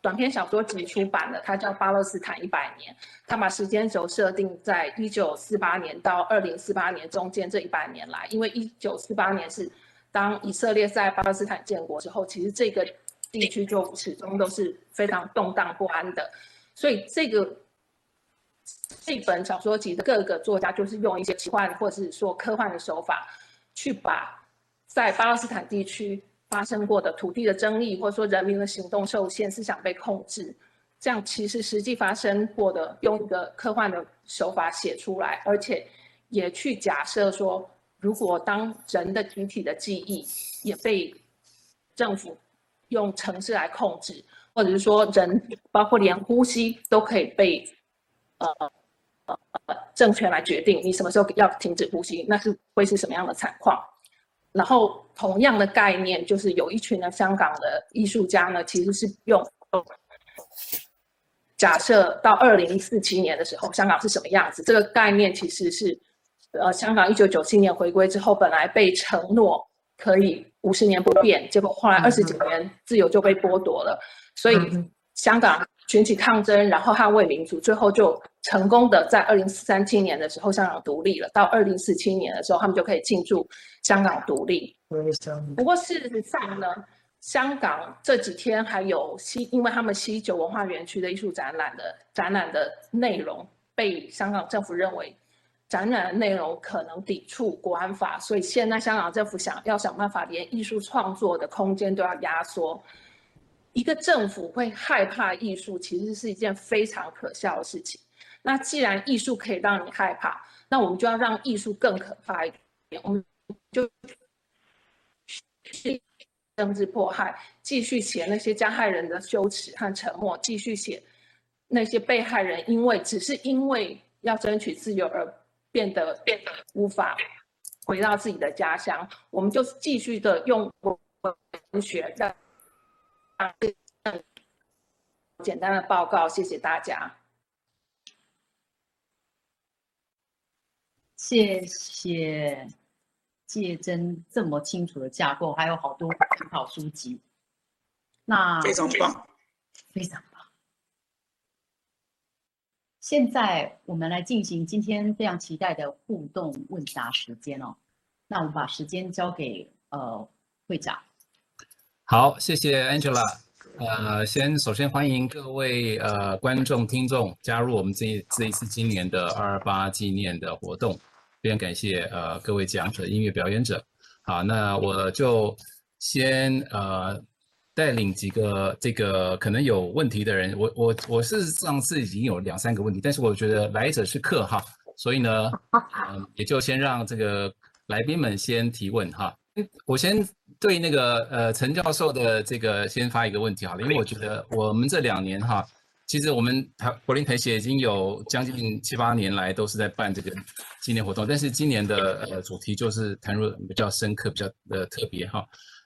短篇小說集出版了，它叫《巴勒斯坦一百年》。它把時間軸設定在一九四八年到二零四八年中間這一百年來，因為一九四八年是當以色列在巴勒斯坦建國之後，其實這個地區就始終都是非常動盪不安的。所以這個這本小說集的各個作家就是用一些奇幻或者是說科幻的手法。去把在巴勒斯坦地區發生過的土地的爭議，或者說人民的行動受限、思想被控制，這樣其實實際發生過的，用一個科幻的手法寫出來，而且也去假設說，如果當人的集體、體的記憶也被政府用城市來控制，或者是說人包括連呼吸都可以被呃。呃政權來決定你什麼時候要停止呼吸，那是會是什麼樣的慘況？然後同樣的概念，就是有一群的香港的藝術家呢，其實是用假設到二零四七年的時候，香港是什麼樣子？這個概念其實是，呃，香港一九九七年回歸之後，本來被承諾可以五十年不變，結果後來二十幾年自由就被剝奪了，所以香港。群起抗爭，然後捍衛民主，最後就成功的在二零三七年的時候，香港獨立了。到二零四七年的時候，他們就可以慶祝香港獨立。不過事實上呢，香港這幾天還有西，因為他們西九文化園區的藝術展覽的展覽的內容被香港政府認為，展覽的內容可能抵觸國安法，所以現在香港政府想要想辦法，連藝術創作的空間都要壓縮。一個政府會害怕藝術，其實是一件非常可笑的事情。那既然藝術可以讓你害怕，那我們就要讓藝術更可怕一點。我們就繼續政治迫害，繼續寫那些加害人的羞恥和沉默，繼續寫那些被害人，因為只是因為要爭取自由而變得變得無法回到自己的家鄉。我們就繼續的用文學讓。啊，嗯，簡單的報告，謝謝大家，謝謝介真這麼清楚的架構，還有好多好書籍，那非常棒，非常棒。現在我們來進行今天非常期待的互動問答時間哦，那我們把時間交給呃會長。好，謝謝 Angela。呃，先首先歡迎各位呃觀眾聽眾加入我們這這一次今年的二二八紀念的活動。非常感謝呃各位講者、音樂表演者。好，那我就先呃帶領幾個這個可能有問題的人。我我我上是上次已經有兩三個問題，但是我覺得來者是客哈，所以呢，呃，也就先讓這個來賓們先提問哈。我先。對那個呃，陳教授的這個先發一個問題哈，因為我覺得我們這兩年哈，其實我們柏林台協已經有將近七八年來都是在辦這個紀念活動，但是今年的呃主題就是談論比較深刻，比較呃特別哈。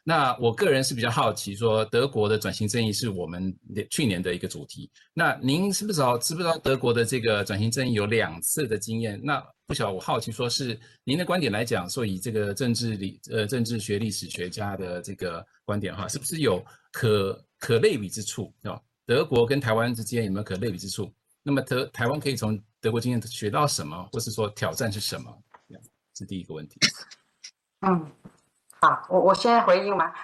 那我個人是比較好奇，說德國的轉型正義是我們的去年的一個主題。那您是不是知道知不知道德國的這個轉型正義有兩次的經驗？那不曉得我好奇，說是您的觀點來講，所以這個政治理呃政治學歷史學家的這個觀點哈，是不是有可可類比之處？是吧？德國跟台灣之間有沒有可類比之處？那麼德台灣可以從德國經驗學到什麼，或是說挑戰是什麼？這是第一個問題。嗯。啊，我我先回應了嗎？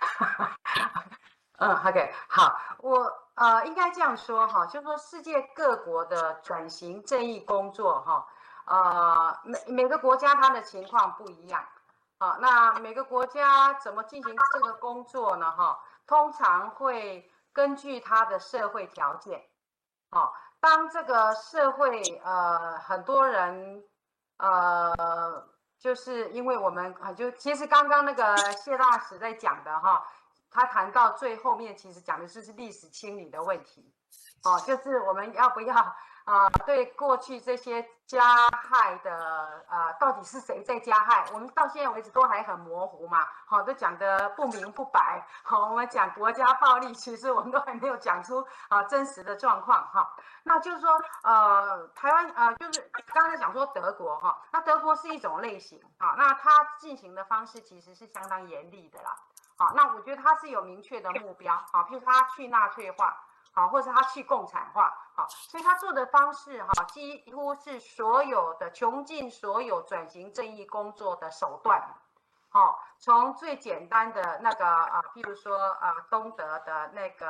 嗯 ，OK，好，我呃應該這樣說哈，就是說世界各國的轉型正義工作哈，呃每每個國家它的情況不一樣，好、呃，那每個國家怎麼進行這個工作呢？哈，通常會根據它的社會條件，好，當這個社會呃很多人呃。就是因為我們啊，就其實剛剛那個謝大使在講的哈，他談到最後面，其實講的就是歷史清理的問題，哦，就是我們要不要。啊、呃，對過去這些加害的，呃，到底是誰在加害？我們到現在為止都還很模糊嘛，好，哦，都講得不明不白。好，哦，我們講國家暴力，其實我們都還沒有講出啊、呃、真實的狀況哈，哦。那就是說，呃，台灣，呃，就是剛才講說德國哈，哦，那德國是一種類型啊，哦，那它進行的方式其實是相當嚴厲的啦。好，哦，那我覺得它是有明確的目標啊，哦，譬如它去納粹化。好，或是他去共產化，好，所以他做的方式哈，幾乎是所有的窮盡所有轉型正義工作的手段，好，從最簡單的那個啊，譬如說啊，東德的那個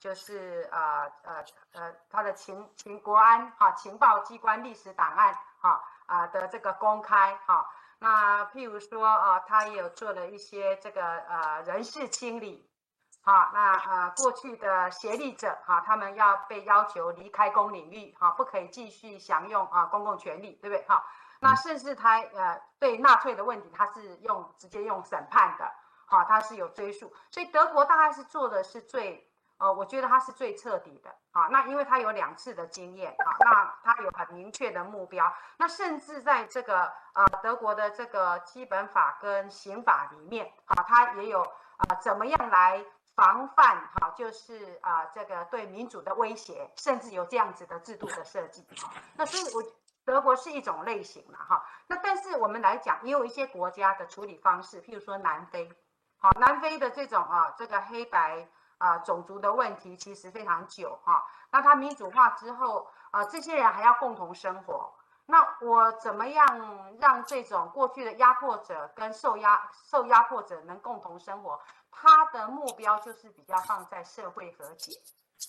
就是呃呃呃，他的情情國安哈，情報機關歷史檔案哈啊的這個公開哈，那譬如說啊，他也有做了一些這個呃人事清理。啊，那啊過去的協力者哈，他們要被要求離開公領域哈，不可以繼續享用啊公共權利，對不對哈？那甚至他呃，對納粹的問題，他是用直接用審判的，好，他是有追溯，所以德國大概是做的是最，呃，我覺得他是最徹底的啊。那因為他有兩次的經驗啊，那他有很明確的目標，那甚至在這個啊德國的這個基本法跟刑法裡面啊，他也有啊，怎麼樣來。防範哈，就是啊，這個對民主的威脅，甚至有這樣子的制度的設計。那所以，我覺得德國是一種類型嘛哈。那但是我們來講，也有一些國家的處理方式，譬如說南非。好，南非的這種啊，這個黑白啊種族的問題其實非常久哈。那它民主化之後啊，這些人還要共同生活。那我怎麼樣讓這種過去的壓迫者跟受壓受壓迫者能共同生活？他的目標就是比較放在社會和解，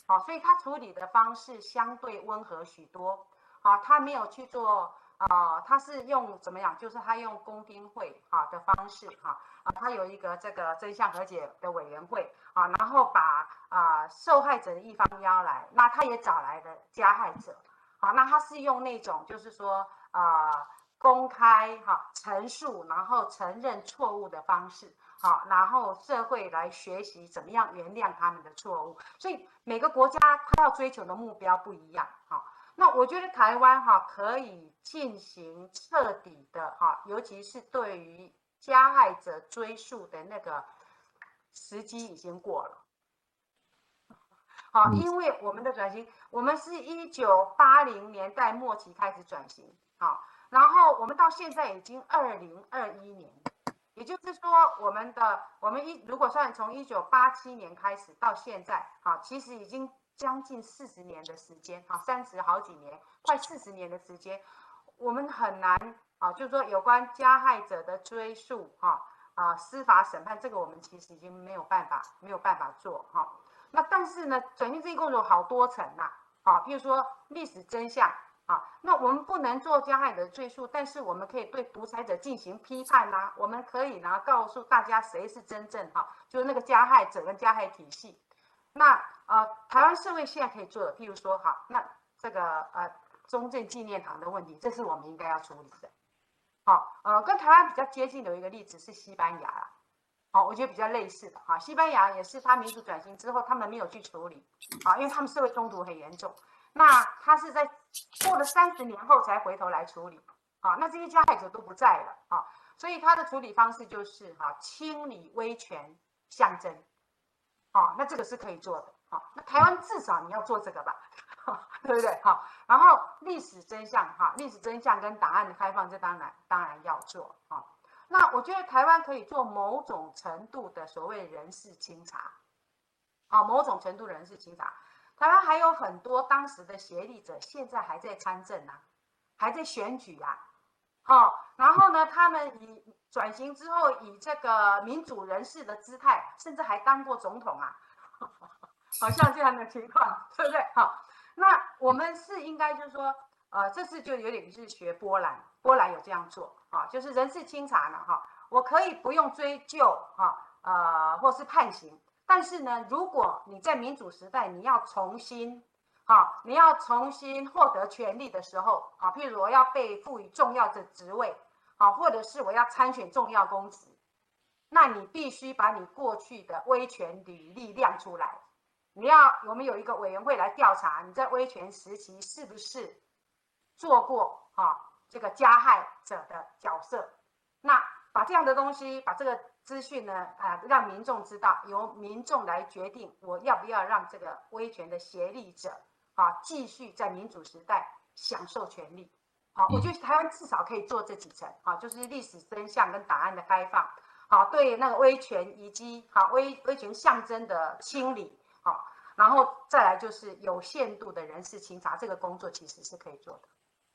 好，所以他處理的方式相對溫和許多，啊，他沒有去做，啊，他是用怎麼樣？就是他用公聽會啊，的方式，哈，啊，他有一個這個真相和解的委員會啊，然後把啊受害者的一方邀來，那他也找來的加害者，啊，那他是用那種就是說啊公開哈陳述，然後承認錯誤的方式。好，然後社會來學習怎麼樣原諒他們的錯誤，所以每個國家他要追求的目標不一樣。好，那我覺得台灣哈可以進行徹底的哈，尤其是對於加害者追溯的那個時機已經過了。好，因為我們的轉型，我們是一九八零年代末期開始轉型，好，然後我們到現在已經二零二一年。也就是說，我們的我們一如果算從一九八七年開始到現在，啊，其實已經將近四十年的時間，啊三十好幾年，快四十年的時間，我們很難啊，就是說有關加害者的追訴，哈啊，司法審判這個，我們其實已經沒有辦法沒有辦法做，哈。那但是呢，轉型這一共有好多層吶，啊，譬如說歷史真相。那我們不能做加害的追訴，但是我們可以對獨裁者進行批判吶、啊。我們可以呢，告訴大家誰是真正哈，就是那個加害者跟加害體系。那呃，台灣社會現在可以做的，譬如說哈，那這個呃，中正紀念堂的問題，這是我們應該要處理的。好、哦，呃，跟台灣比較接近的一個例子是西班牙啊。好、哦，我覺得比較類似的哈、哦，西班牙也是他民主轉型之後，他們沒有去處理啊、哦，因為他們社會衝突很嚴重。那他是在。過了三十年後才回頭來處理，啊，那這些加害者都不在了，啊，所以他的處理方式就是，哈，清理威權象徵，啊，那這個是可以做的，啊，那台灣至少你要做這個吧，對不對？哈，然後歷史真相，哈，歷史真相跟檔案的開放，這當然當然要做，啊，那我覺得台灣可以做某種程度的所謂人事清查，啊，某種程度的人事清查。當然還有很多當時的協力者現在還在參政呢、啊，還在選舉呀，好，然後呢，他們以轉型之後以這個民主人士的姿態，甚至還當過總統啊，好像這樣的情況，對不對？好，那我們是應該就是說，呃，這次就有點是學波蘭，波蘭有這樣做啊、哦，就是人事清查呢，哈，我可以不用追究哈、哦，呃，或是判刑。但是呢，如果你在民主時代你要啊，你要重新，好，你要重新獲得權力的時候，啊，譬如，我要被賦予重要的職位，啊，或者是我要參選重要公職，那你必須把你過去的威權履歷亮出來。你要，我們有一個委員會來調查你在威權時期是不是做過啊這個加害者的角色。那把這樣的東西，把這個。資訊呢，啊，讓民眾知道，由民眾來決定我要不要讓這個威權的協力者，啊，繼續在民主時代享受權利。好、啊，我覺得台灣至少可以做這幾層啊，就是歷史真相跟檔案的開放，好、啊，對那個威權以及好、啊，威威權象徵的清理，好、啊，然後再來就是有限度的人事清查，這個工作其實是可以做的。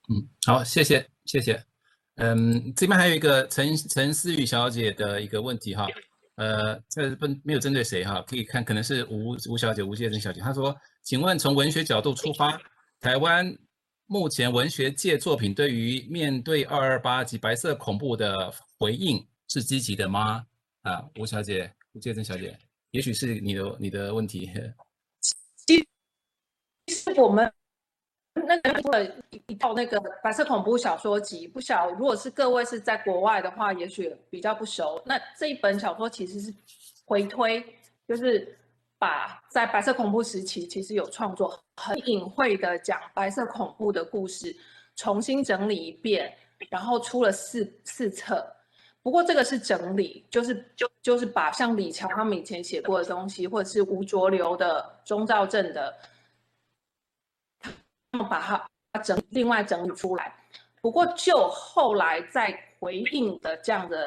嗯，好，謝謝，謝謝。嗯，這邊還有一個陳陳思雨小姐的一個問題哈，呃，這不沒有針對誰哈，可以看可能是吳吳小姐、吳介珍小姐，她說，請問從文學角度出發，台灣目前文學界作品對於面對二二八及白色恐怖的回應是積極的嗎？啊，吳小姐、吳介珍小姐，也許是你的你的問題。其實我們。那出了一一套那個白色恐怖小說集，不曉得如果是各位是在國外的話，也許比較不熟。那這一本小說其實是回推，就是把在白色恐怖時期其實有創作很隱晦的講白色恐怖的故事，重新整理一遍，然後出了四四冊。不過這個是整理，就是就就是把像李喬他們以前寫過的東西，或者是吳濁流的鍾肇政的。把它整另外整理出來，不過就後來再回應的這樣的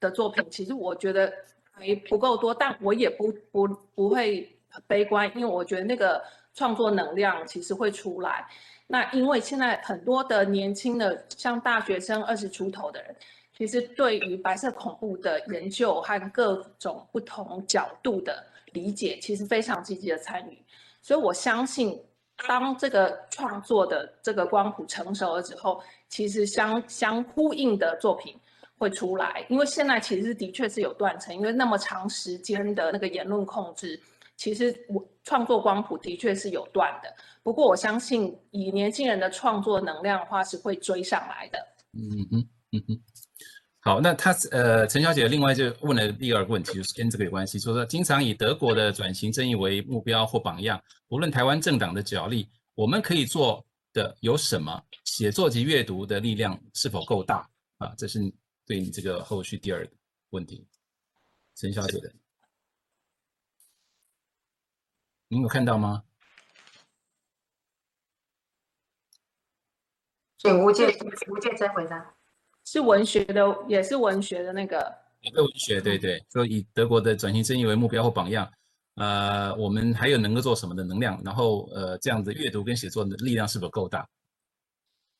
的作品，其實我覺得還不夠多，但我也不不不會悲觀，因為我覺得那個創作能量其實會出來。那因為現在很多的年輕的像大學生二十出頭的人，其實對於白色恐怖的研究和各種不同角度的理解，其實非常積極的參與，所以我相信，當這個創作的這個光譜成熟了之後，其實相相呼應的作品會出來。因為現在其實的確是有斷層，因為那麼長時間的那個言論控制，其實我創作光譜的確是有斷的。不過我相信，以年輕人的創作能量的話，是會追上來的。嗯嗯嗯嗯嗯。好，那他呃，陳小姐另外就問了第二個問題，就是跟這個有關係，說，說經常以德國的轉型正義為目標或榜樣，不論台灣政黨的角力，我們可以做的有什麼？寫作及閱讀的力量是否夠大啊？這是對你這個後續第二個問題，陳小姐的，您有看到嗎？請吳健，吳健先回答。是文學的，也是文學的那個。也是文學，對對，就以德國的轉型正義為目標或榜樣。呃，我們還有能夠做什麼的能量？然後，呃，這樣子閱讀跟寫作的力量是否夠大？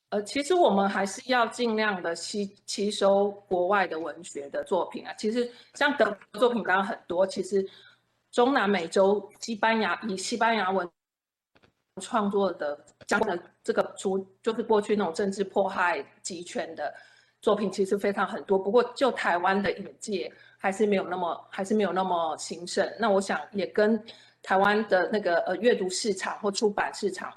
呃，其實我們還是要盡量的吸吸收國外的文學的作品啊。其實像德國的作品當然很多，其實中南美洲、西班牙以西班牙文創作的，將來這個出就是過去那種政治迫害、極權的。作品其實非常很多，不過就台灣的業界還是沒有那麼，還是沒有那麼興盛。那我想也跟台灣的那個呃閱讀市場或出版市場，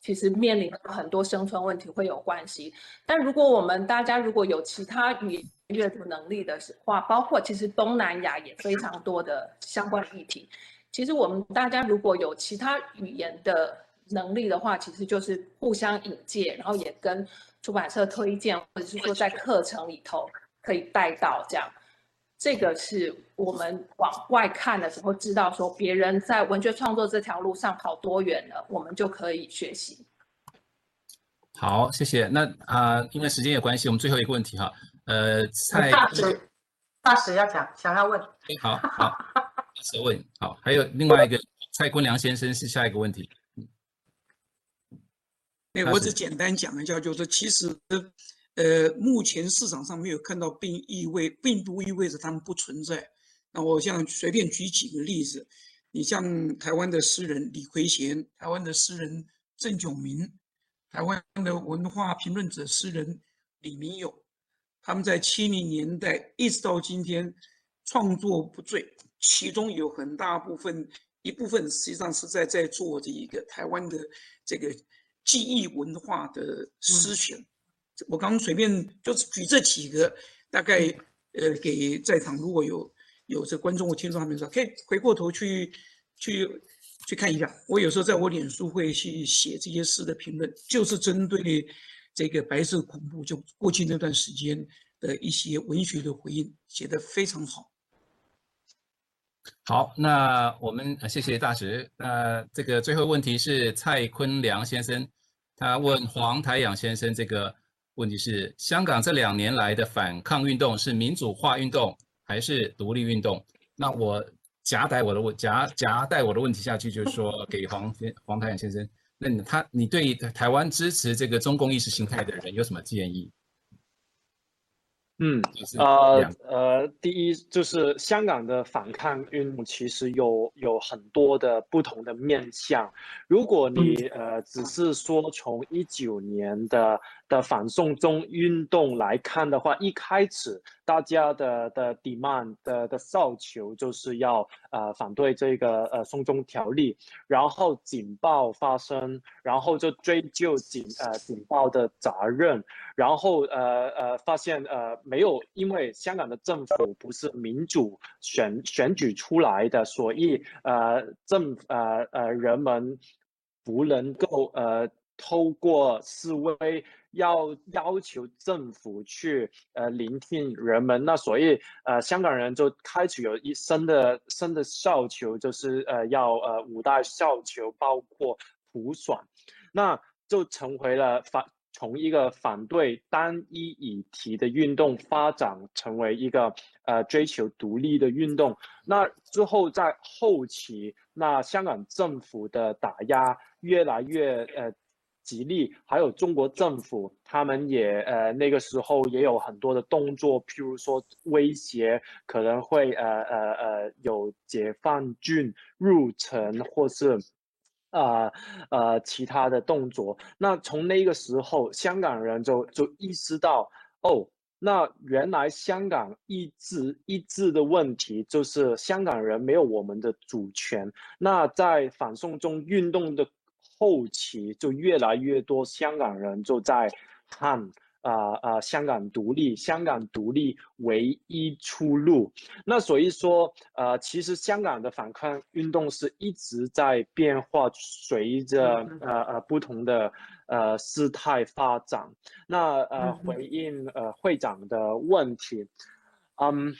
其實面臨很多生存問題會有關係。但如果我們大家如果有其他語言閱讀能力的話，包括其實東南亞也非常多的相關議題，其實我們大家如果有其他語言的。能力的話，其實就是互相引薦，然後也跟出版社推薦，或者是說在課程裡頭可以帶到這樣。這個是我們往外看的時候，知道說別人在文學創作這條路上跑多遠了，我們就可以學習。好，謝謝。那啊、呃，因為時間有關係，我們最後一個問題哈，呃，蔡大師要講，想要問，好好，好 大師問好，還有另外一個蔡坤良先生是下一個問題。那我只簡單講一下，就是其實，呃，目前市場上沒有看到，並意味並不意味着他們不存在。那我想隨便舉幾個例子，你像台灣的詩人李魁賢、台灣的詩人鄭炯明、台灣的文化評論者詩人李明勇，他們在七零年代一直到今天，創作不輟，其中有很大部分一部分實際上是在在做這一個台灣的這個。記憶文化的詩選，我剛剛隨便就是舉這幾個，大概呃給在場如果有有這觀眾或聽眾他們說，可以回過頭去去去看一下。我有時候在我臉書會去寫這些詩的評論，就是針對這個白色恐怖就過去那段時間的一些文學的回應，寫得非常好。好，那我們謝謝大直。那、呃、這個最後問題是蔡坤良先生，他問黃台仰先生這個問題是：香港這兩年來的反抗運動是民主化運動還是獨立運動？那我夾帶我的問夾夾帶我的問題下去，就是說給黃先黃台仰先生，那你他你對台灣支持這個中共意識形態的人有什麼建議？嗯，就是、呃呃，第一就是香港的反抗運動其實有有很多的不同的面向，如果你呃只是說從一九年的。的反送中運動來看的話，一開始大家的的 demand 的的訴求就是要呃反對這個呃送中條例，然後警暴發生，然後就追究警呃警暴的責任，然後呃呃發現呃沒有，因為香港的政府不是民主選選舉出來的，所以呃政呃呃人們不能夠呃。透過示威要要求政府去呃聆聽人們，那所以呃香港人就開始有一新的新的訴求，就是呃要呃五大訴求，包括普選，那就成為了反從一個反對單一議題的運動發展成為一個呃追求獨立的運動。那之後在後期，那香港政府的打壓越來越呃。吉利還有中國政府，他們也呃那個時候也有很多的動作，譬如說威脅可能會呃呃呃有解放軍入城或是啊呃、呃其他的動作。那從那個時候，香港人就就意識到，哦，那原來香港一直一直的問題就是香港人沒有我們的主權。那在反送中運動的。後期就越來越多香港人就在看啊啊、呃呃，香港獨立，香港獨立唯一出路。那所以說，呃，其實香港的反抗運動是一直在變化，隨着呃呃不同的呃事態發展。那呃，回應呃會長的問題，嗯，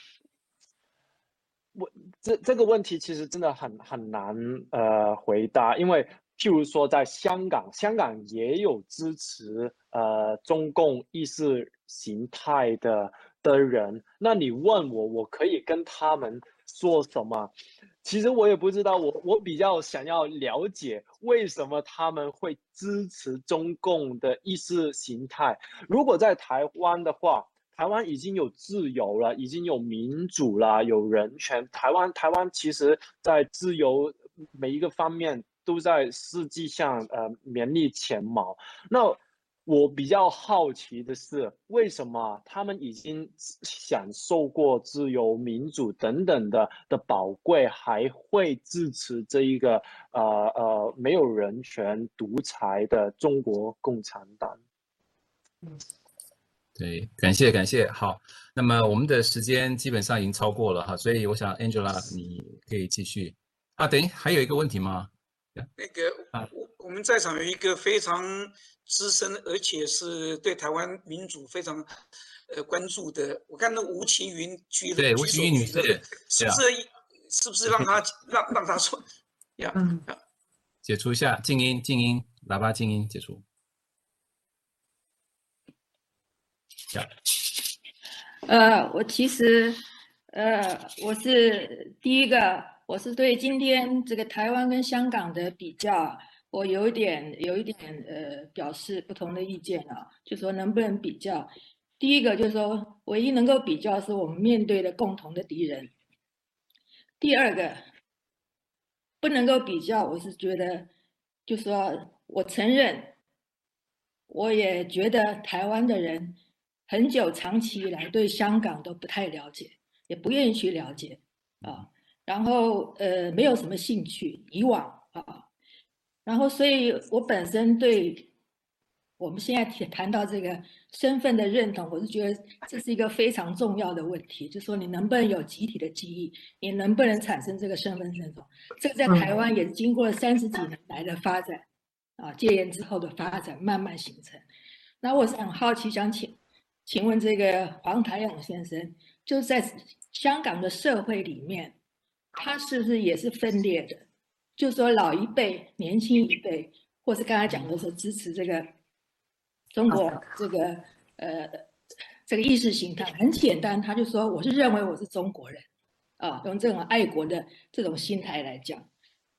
我這這個問題其實真的很很難呃回答，因為。譬如說，在香港，香港也有支持呃中共意識形態的的人，那你問我，我可以跟他們說什麼？其實我也不知道，我我比較想要了解為什麼他們會支持中共的意識形態。如果在台灣的話，台灣已經有自由了，已經有民主了，有人權。台灣台灣其實在自由每一個方面。都在世界上呃名列前茅。那我比較好奇的是，為什麼他們已經享受過自由、民主等等的的寶貴，還會支持這一個呃呃沒有人權、獨裁的中國共產黨？嗯，對，感謝感謝。好，那麼我們的時間基本上已經超過了哈，所以我想 Angela 你可以繼續啊，等於還有一個問題嗎？那個，啊、我我們在場有一個非常資深，而且是對台灣民主非常呃關注的，我看到吳奇雲居，了。對，居居吳奇雲女士，是不是 yeah, 是不是讓他 okay. 讓讓他說？要、yeah, 嗯，解除一下靜音，靜音，喇叭靜音，解除。這樣。呃，我其實呃，我是第一個。我是對今天這個台灣跟香港的比較，我有一點有一點呃表示不同的意見啊。就說能不能比較？第一個就是說，唯一能夠比較是我們面對的共同的敵人。第二個不能夠比較，我是覺得，就說我承認，我也覺得台灣的人很久長期以來對香港都不太了解，也不願意去了解啊。然後，呃，沒有什麼興趣。以往啊，然後，所以我本身對我們現在談到這個身份的認同，我是覺得這是一個非常重要的問題。就是說你能不能有集體的記憶，你能不能產生這個身份認同？這個在台灣也是經過了三十幾年來的發展啊，戒嚴之後的發展，慢慢形成。那我是很好奇，想請請問這個黃台仰先生，就是在香港的社會裡面。他是不是也是分裂的？就說老一輩、年輕一輩，或是剛才講的是支持這個中國這個呃這個意識形態。很簡單，他就說我是認為我是中國人，啊，用這種愛國的這種心態來講。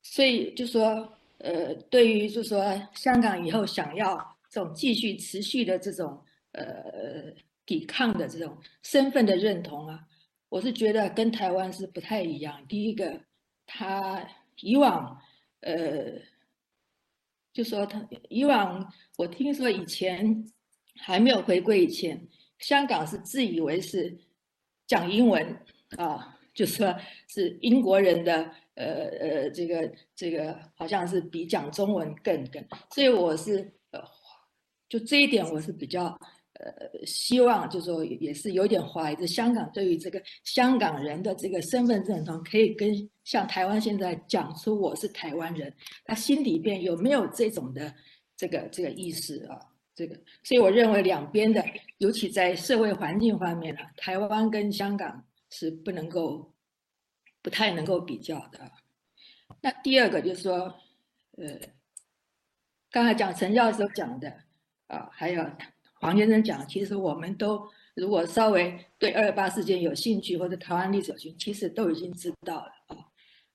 所以就說呃，對於就是說香港以後想要這種繼續持續的這種呃呃抵抗的這種身份的認同啊。我是覺得跟台灣是不太一樣。第一個，他以往，呃，就說他以往，我聽說以前還沒有回歸以前，香港是自以為是講英文啊，就是說，是英國人的，呃呃，這個這個好像是比講中文更更。所以我是，呃、就這一點我是比較。呃，希望就是說也是有點懷疑，香港對於這個香港人的這個身份認同，可以跟像台灣現在講出我是台灣人，他心裡邊有沒有這種的這個這個意思啊？這個，所以我認為兩邊的，尤其在社會環境方面呢，啊，台灣跟香港是不能夠不太能夠比較的。那第二個就是說，呃，剛才講陳教授講的啊，還有。黃先生講，其實我們都如果稍微對二二八事件有興趣，或者台灣歷史其實都已經知道了啊。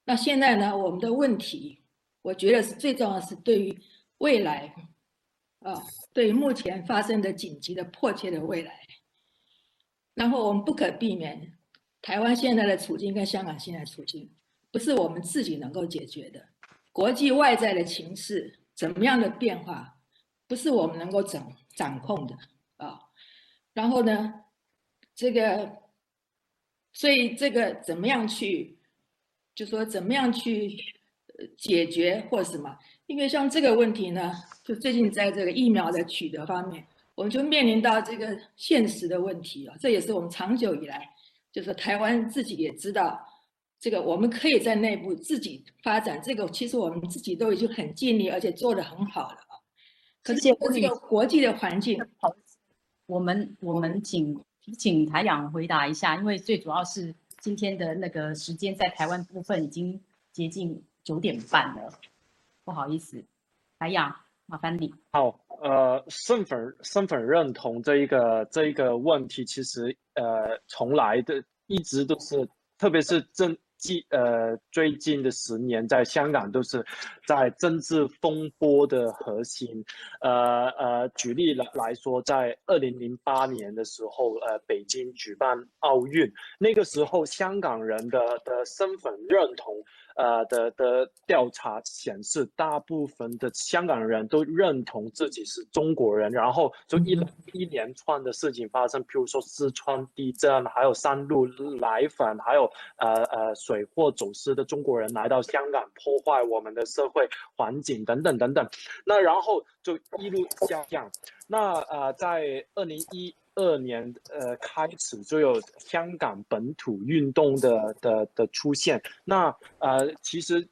那現在呢，我們的問題，我覺得是最重要是對於未來，啊，對於目前發生的緊急的迫切的未來。然後我們不可避免，台灣現在的處境跟香港現在的處境，不是我們自己能夠解決的。國際外在的情勢怎麼樣的變化，不是我們能夠整掌控的啊，哦，然後呢，這個，所以這個怎麼樣去，就是說怎麼樣去解決或什麼？因為像這個問題呢，就最近在這個疫苗的取得方面，我們就面臨到這個現實的問題啊。這也是我們長久以來，就是台灣自己也知道，這個我們可以在內部自己發展，這個其實我們自己都已經很盡力，而且做得很好了。而且這個國際的環境是，我們我們請請台長回答一下，因為最主要是今天的那個時間在台灣部分已經接近九點半了，不好意思，台長麻煩你。好，呃，身份身份認同這一個這一個問題，其實呃，從來的一直都是，特別是政。嗯呃，最近的十年，在香港都是在政治風波的核心。呃呃，舉例來來說，在二零零八年的時候，呃，北京舉辦奧運，那個時候香港人的的身份認同，呃的的調查顯示，大部分的香港人都認同自己是中國人。然後，就一連一連串的事情發生，譬如說四川地震，還有三鹿奶粉，還有呃呃水。或走私的中國人來到香港，破壞我們的社會環境等等等等。那然後就一路下降。那呃，在二零一二年呃開始就有香港本土運動的的的出現。那呃，其實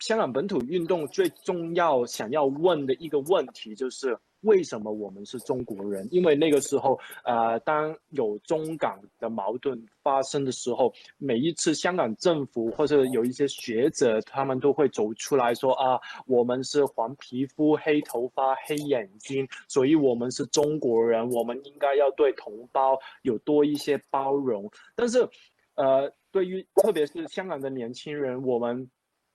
香港本土運動最重要想要問的一個問題就是。為什麼我們是中國人？因為那個時候，呃，當有中港的矛盾發生的時候，每一次香港政府或者有一些學者，他們都會走出來說啊，我們是黃皮膚、黑頭髮、黑眼睛，所以我們是中國人，我們應該要對同胞有多一些包容。但是，呃，對於特別是香港的年輕人，我們。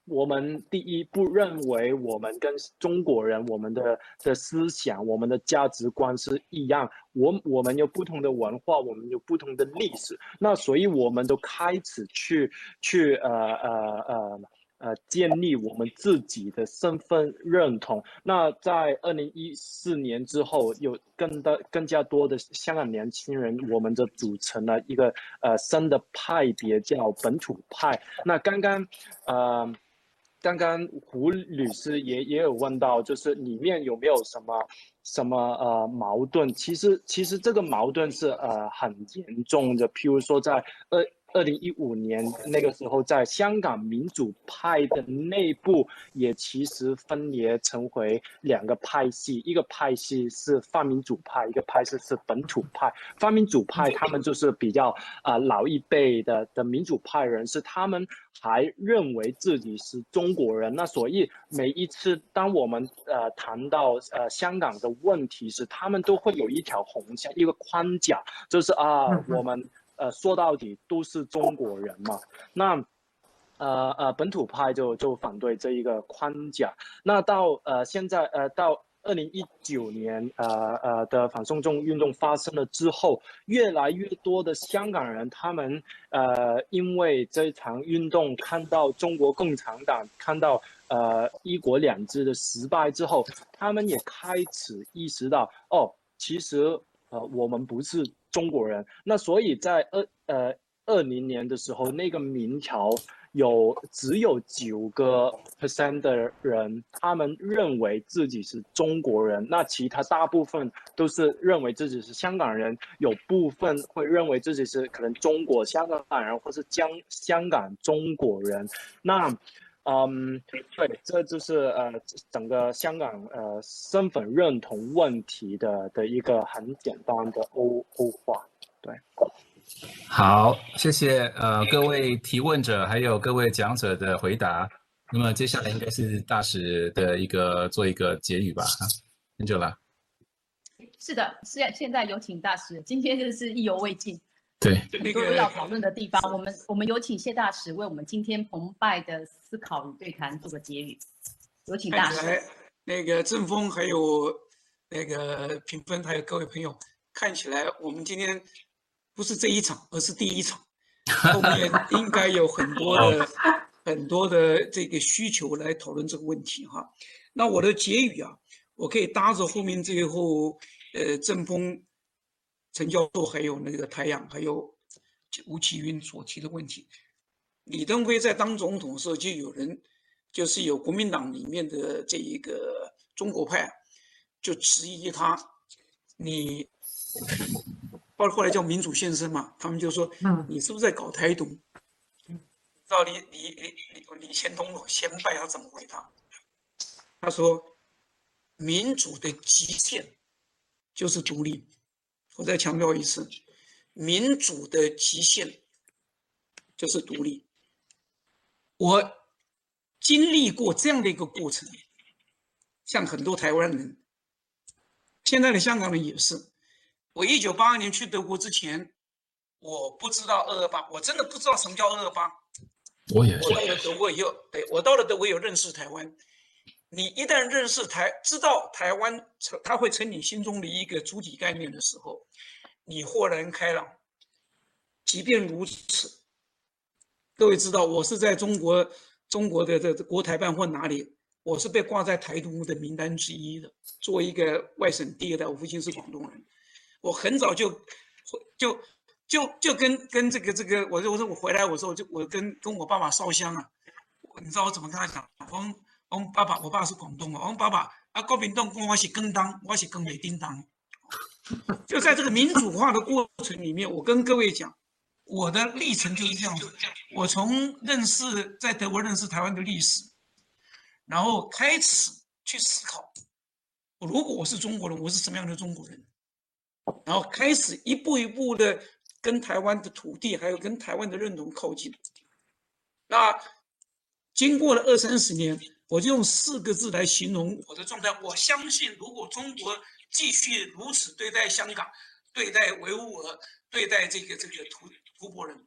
我們第一不認為我們跟中國人我們的的思想、我們的價值觀是一樣，我我們有不同的文化，我們有不同的歷史，那所以我們都開始去去呃呃呃呃建立我們自己的身份認同。那在二零一四年之後，有更多更加多的香港年輕人，我們就組成了一個呃新的派別，叫本土派。那剛剛，呃。剛剛胡律師也也有問到，就是裡面有沒有什麼什麼呃矛盾，其實其實這個矛盾是呃很嚴重的，譬如說在呃。二零一五年那個時候，在香港民主派的內部也其實分裂成為兩個派系，一個派系是泛民主派，一個派系是本土派。泛民主派他們就是比較啊老一輩的的民主派人士，是他們還認為自己是中國人。那所以每一次當我們呃談到呃香港的問題時，他們都會有一條紅線，一個框架，就是啊我們。呃，說到底都是中國人嘛。那，呃呃，本土派就就反對這一個框架。那到呃現在呃到二零一九年呃呃的反送中運動發生了之後，越來越多的香港人他們呃因為這場運動看到中國共產黨，看到呃一國兩制的失敗之後，他們也開始意識到哦，其實呃我們不是中國人，那所以在二呃，二零年的時候，那個民調有只有九個 percent 的人，他們認為自己是中國人，那其他大部分都是認為自己是香港人，有部分會認為自己是可能中國香港人，或是江香港中國人，那。嗯，um, 對，這就是呃整個香港呃身份認同問題的的一個很簡單的歐歐化，對。好，謝謝呃各位提問者，還有各位講者的回答。那麼接下來應該是大使的一個做一個結語吧。啊，很久了。是的，是，現在有請大使。今天就是意猶未盡。對，對，那個很多要討論的地方，是我們我們有請謝大使為我們今天澎湃的思考與對談做個結語。有請大使。來，那個鄭峰還有那個評分還有各位朋友，看起來我們今天不是這一場，而是第一場，後面應該有很多的 很多的這個需求來討論這個問題哈。那我的結語啊，我可以搭着後面最後呃鄭峰。陳教授，還有那個太陽，還有吳奇雲所提的問題，李登輝在當總統的時候就有人，就是有國民黨裡面的這一個中國派，就質疑他，你，包括後來叫民主先生嘛，他們就說，嗯，你是不是在搞台獨？到底你你你你先通李先拜他怎麼回答？他說，民主的極限就是獨立。我再強調一次，民主的極限就是獨立。我經歷過這樣的一個過程，像很多台灣人，現在的香港人也是。我一九八二年去德國之前，我不知道二二八，我真的不知道什麼叫二二八。我也是。我到了德國以後，對，我到了德國以後認識台灣。你一旦認識臺，知道台灣成，它會成你心中的一個主體概念的時候，你豁然開朗。即便如此，各位知道，我是在中國中國的這個、國台辦或哪裡，我是被掛在台獨的名單之一的。作為一個外省第一代，我父親是廣東人，我很早就就就就跟跟這個這個，我說我說我回來，我說我就我跟跟我爸爸燒香啊，你知道我怎麼跟他講？我。我爸爸，我爸是廣東的。我爸爸啊，高平跟我是跟當，我是跟雷叮當。就在這個民主化的過程裡面，我跟各位講，我的歷程就是這樣子。我從認識在德國認識台灣的歷史，然後開始去思考，如果我是中國人，我是什麼樣的中國人？然後開始一步一步的跟台灣的土地，還有跟台灣的認同靠近。那經過了二三十年。我就用四個字來形容我的狀態。我相信，如果中國繼續如此對待香港、對待維吾爾、對待這個這個圖圖博人，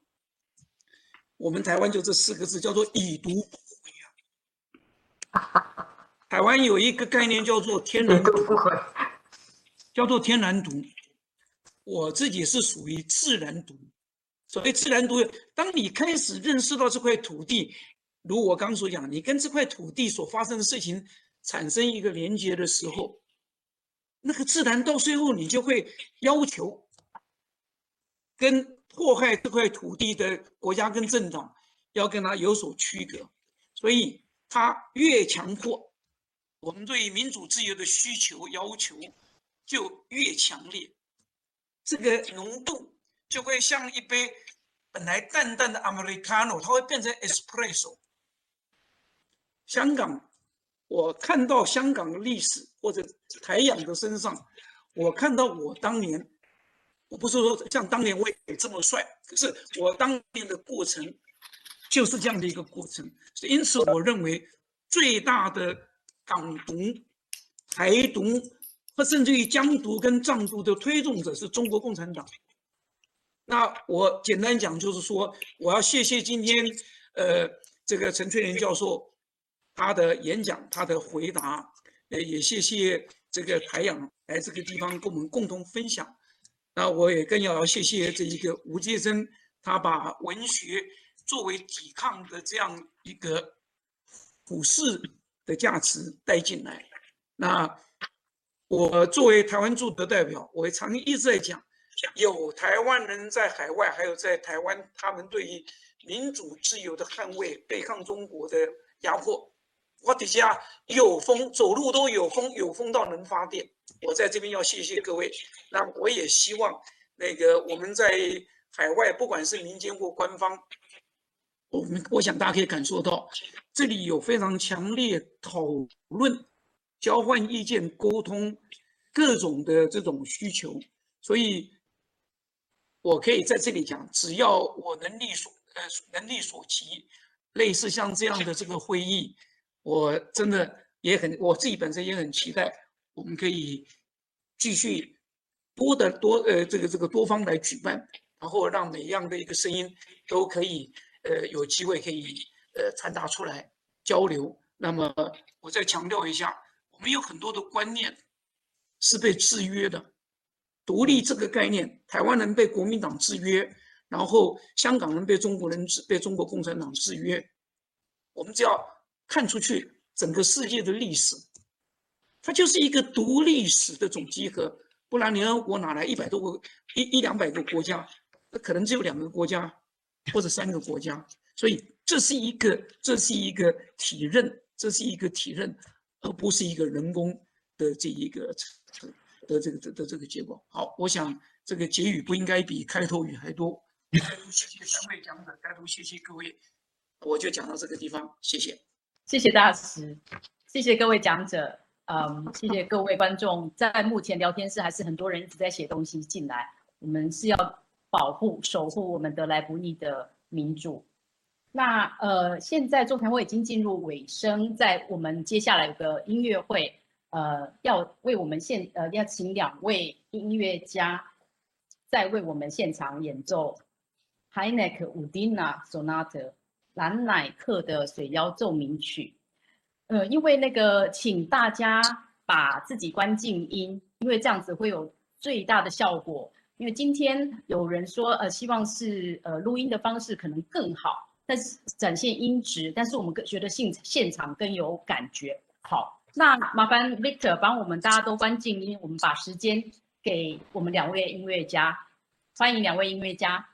我們台灣就這四個字，叫做以毒攻毒呀。台灣有一個概念叫做天然毒，叫做天然毒。我自己是屬於自然毒。所謂自然毒，當你開始認識到這塊土地，如我剛所講，你跟這塊土地所發生的事情產生一個連接的時候，那個自然到最後，你就會要求跟迫害這塊土地的國家跟政黨要跟他有所區隔。所以，他越強迫我們對於民主自由的需求要求就越強烈，這個濃度就會像一杯本來淡淡的 Americano，它會變成 Espresso。香港，我看到香港的歷史或者台港的身上，我看到我當年，我不是說像當年我也這麼帥，可是我當年的過程就是這樣的一個過程。因此，我認為最大的港獨、台獨，或甚至於疆獨跟藏獨的推動者是中國共產黨。那我簡單講，就是說，我要謝謝今天，呃，這個陳翠蓮教授。他的演講，他的回答，呃，也謝謝這個海洋，來這個地方跟我們共同分享。那我也更要謝謝這一個吳杰森，他把文學作為抵抗的這樣一個普世的價值帶進來。那我作為台灣駐德代表，我也常一直在講，有台灣人在海外，還有在台灣，他們對於民主自由的捍衛，對抗中國的壓迫。我底下有風，走路都有風，有風到能發電。我在這邊要謝謝各位，那我也希望那個我們在海外，不管是民間或官方，我們我想大家可以感受到，這裡有非常強烈討論、交換意見、溝通各種的這種需求。所以我可以在這裡講，只要我能力所呃能力所及，類似像這樣的這個會議。我真的也很，我自己本身也很期待，我們可以繼續多的多，呃，這個這個多方來舉辦，然後讓每樣的一個聲音都可以，呃，有機會可以，呃，傳達出來交流。那麼我再強調一下，我們有很多的觀念是被制約的，獨立這個概念，台灣人被國民黨制約，然後香港人被中國人制，被中國共產黨制約，我們只要。看出去整個世界的歷史，它就是一個獨立史的總集合。不然，聯合國哪來一百多個、一一兩百個國家？那可能只有兩個國家，或者三個國家。所以，這是一個，這是一個體認，這是一個體認，而不是一個人工的這一個的這個的、這個、的這個結果。好，我想這個結語不應該比開頭語還多。謝謝三位講者，開頭謝謝各位，我就講到這個地方，謝謝。謝謝大師，謝謝各位講者，嗯，謝謝各位觀眾。在目前聊天室還是很多人一直在寫東西進來，我們是要保護、守護我們得來不易的民主。那呃，現在座談會已經進入尾聲，在我們接下來的音樂會，呃，要為我們現呃要請兩位音樂家在為我們現場演奏 Reinecke Undine Sonata。 藍乃克的《水妖奏鳴曲》，呃，因為那個，請大家把自己關靜音，因為這樣子會有最大的效果。因為今天有人說，呃，希望是呃錄音的方式可能更好，但是展現音質，但是我們更覺得現現場更有感覺。好，那麻煩 Victor 幫我們大家都關靜音，我們把時間給我們兩位音樂家，歡迎兩位音樂家。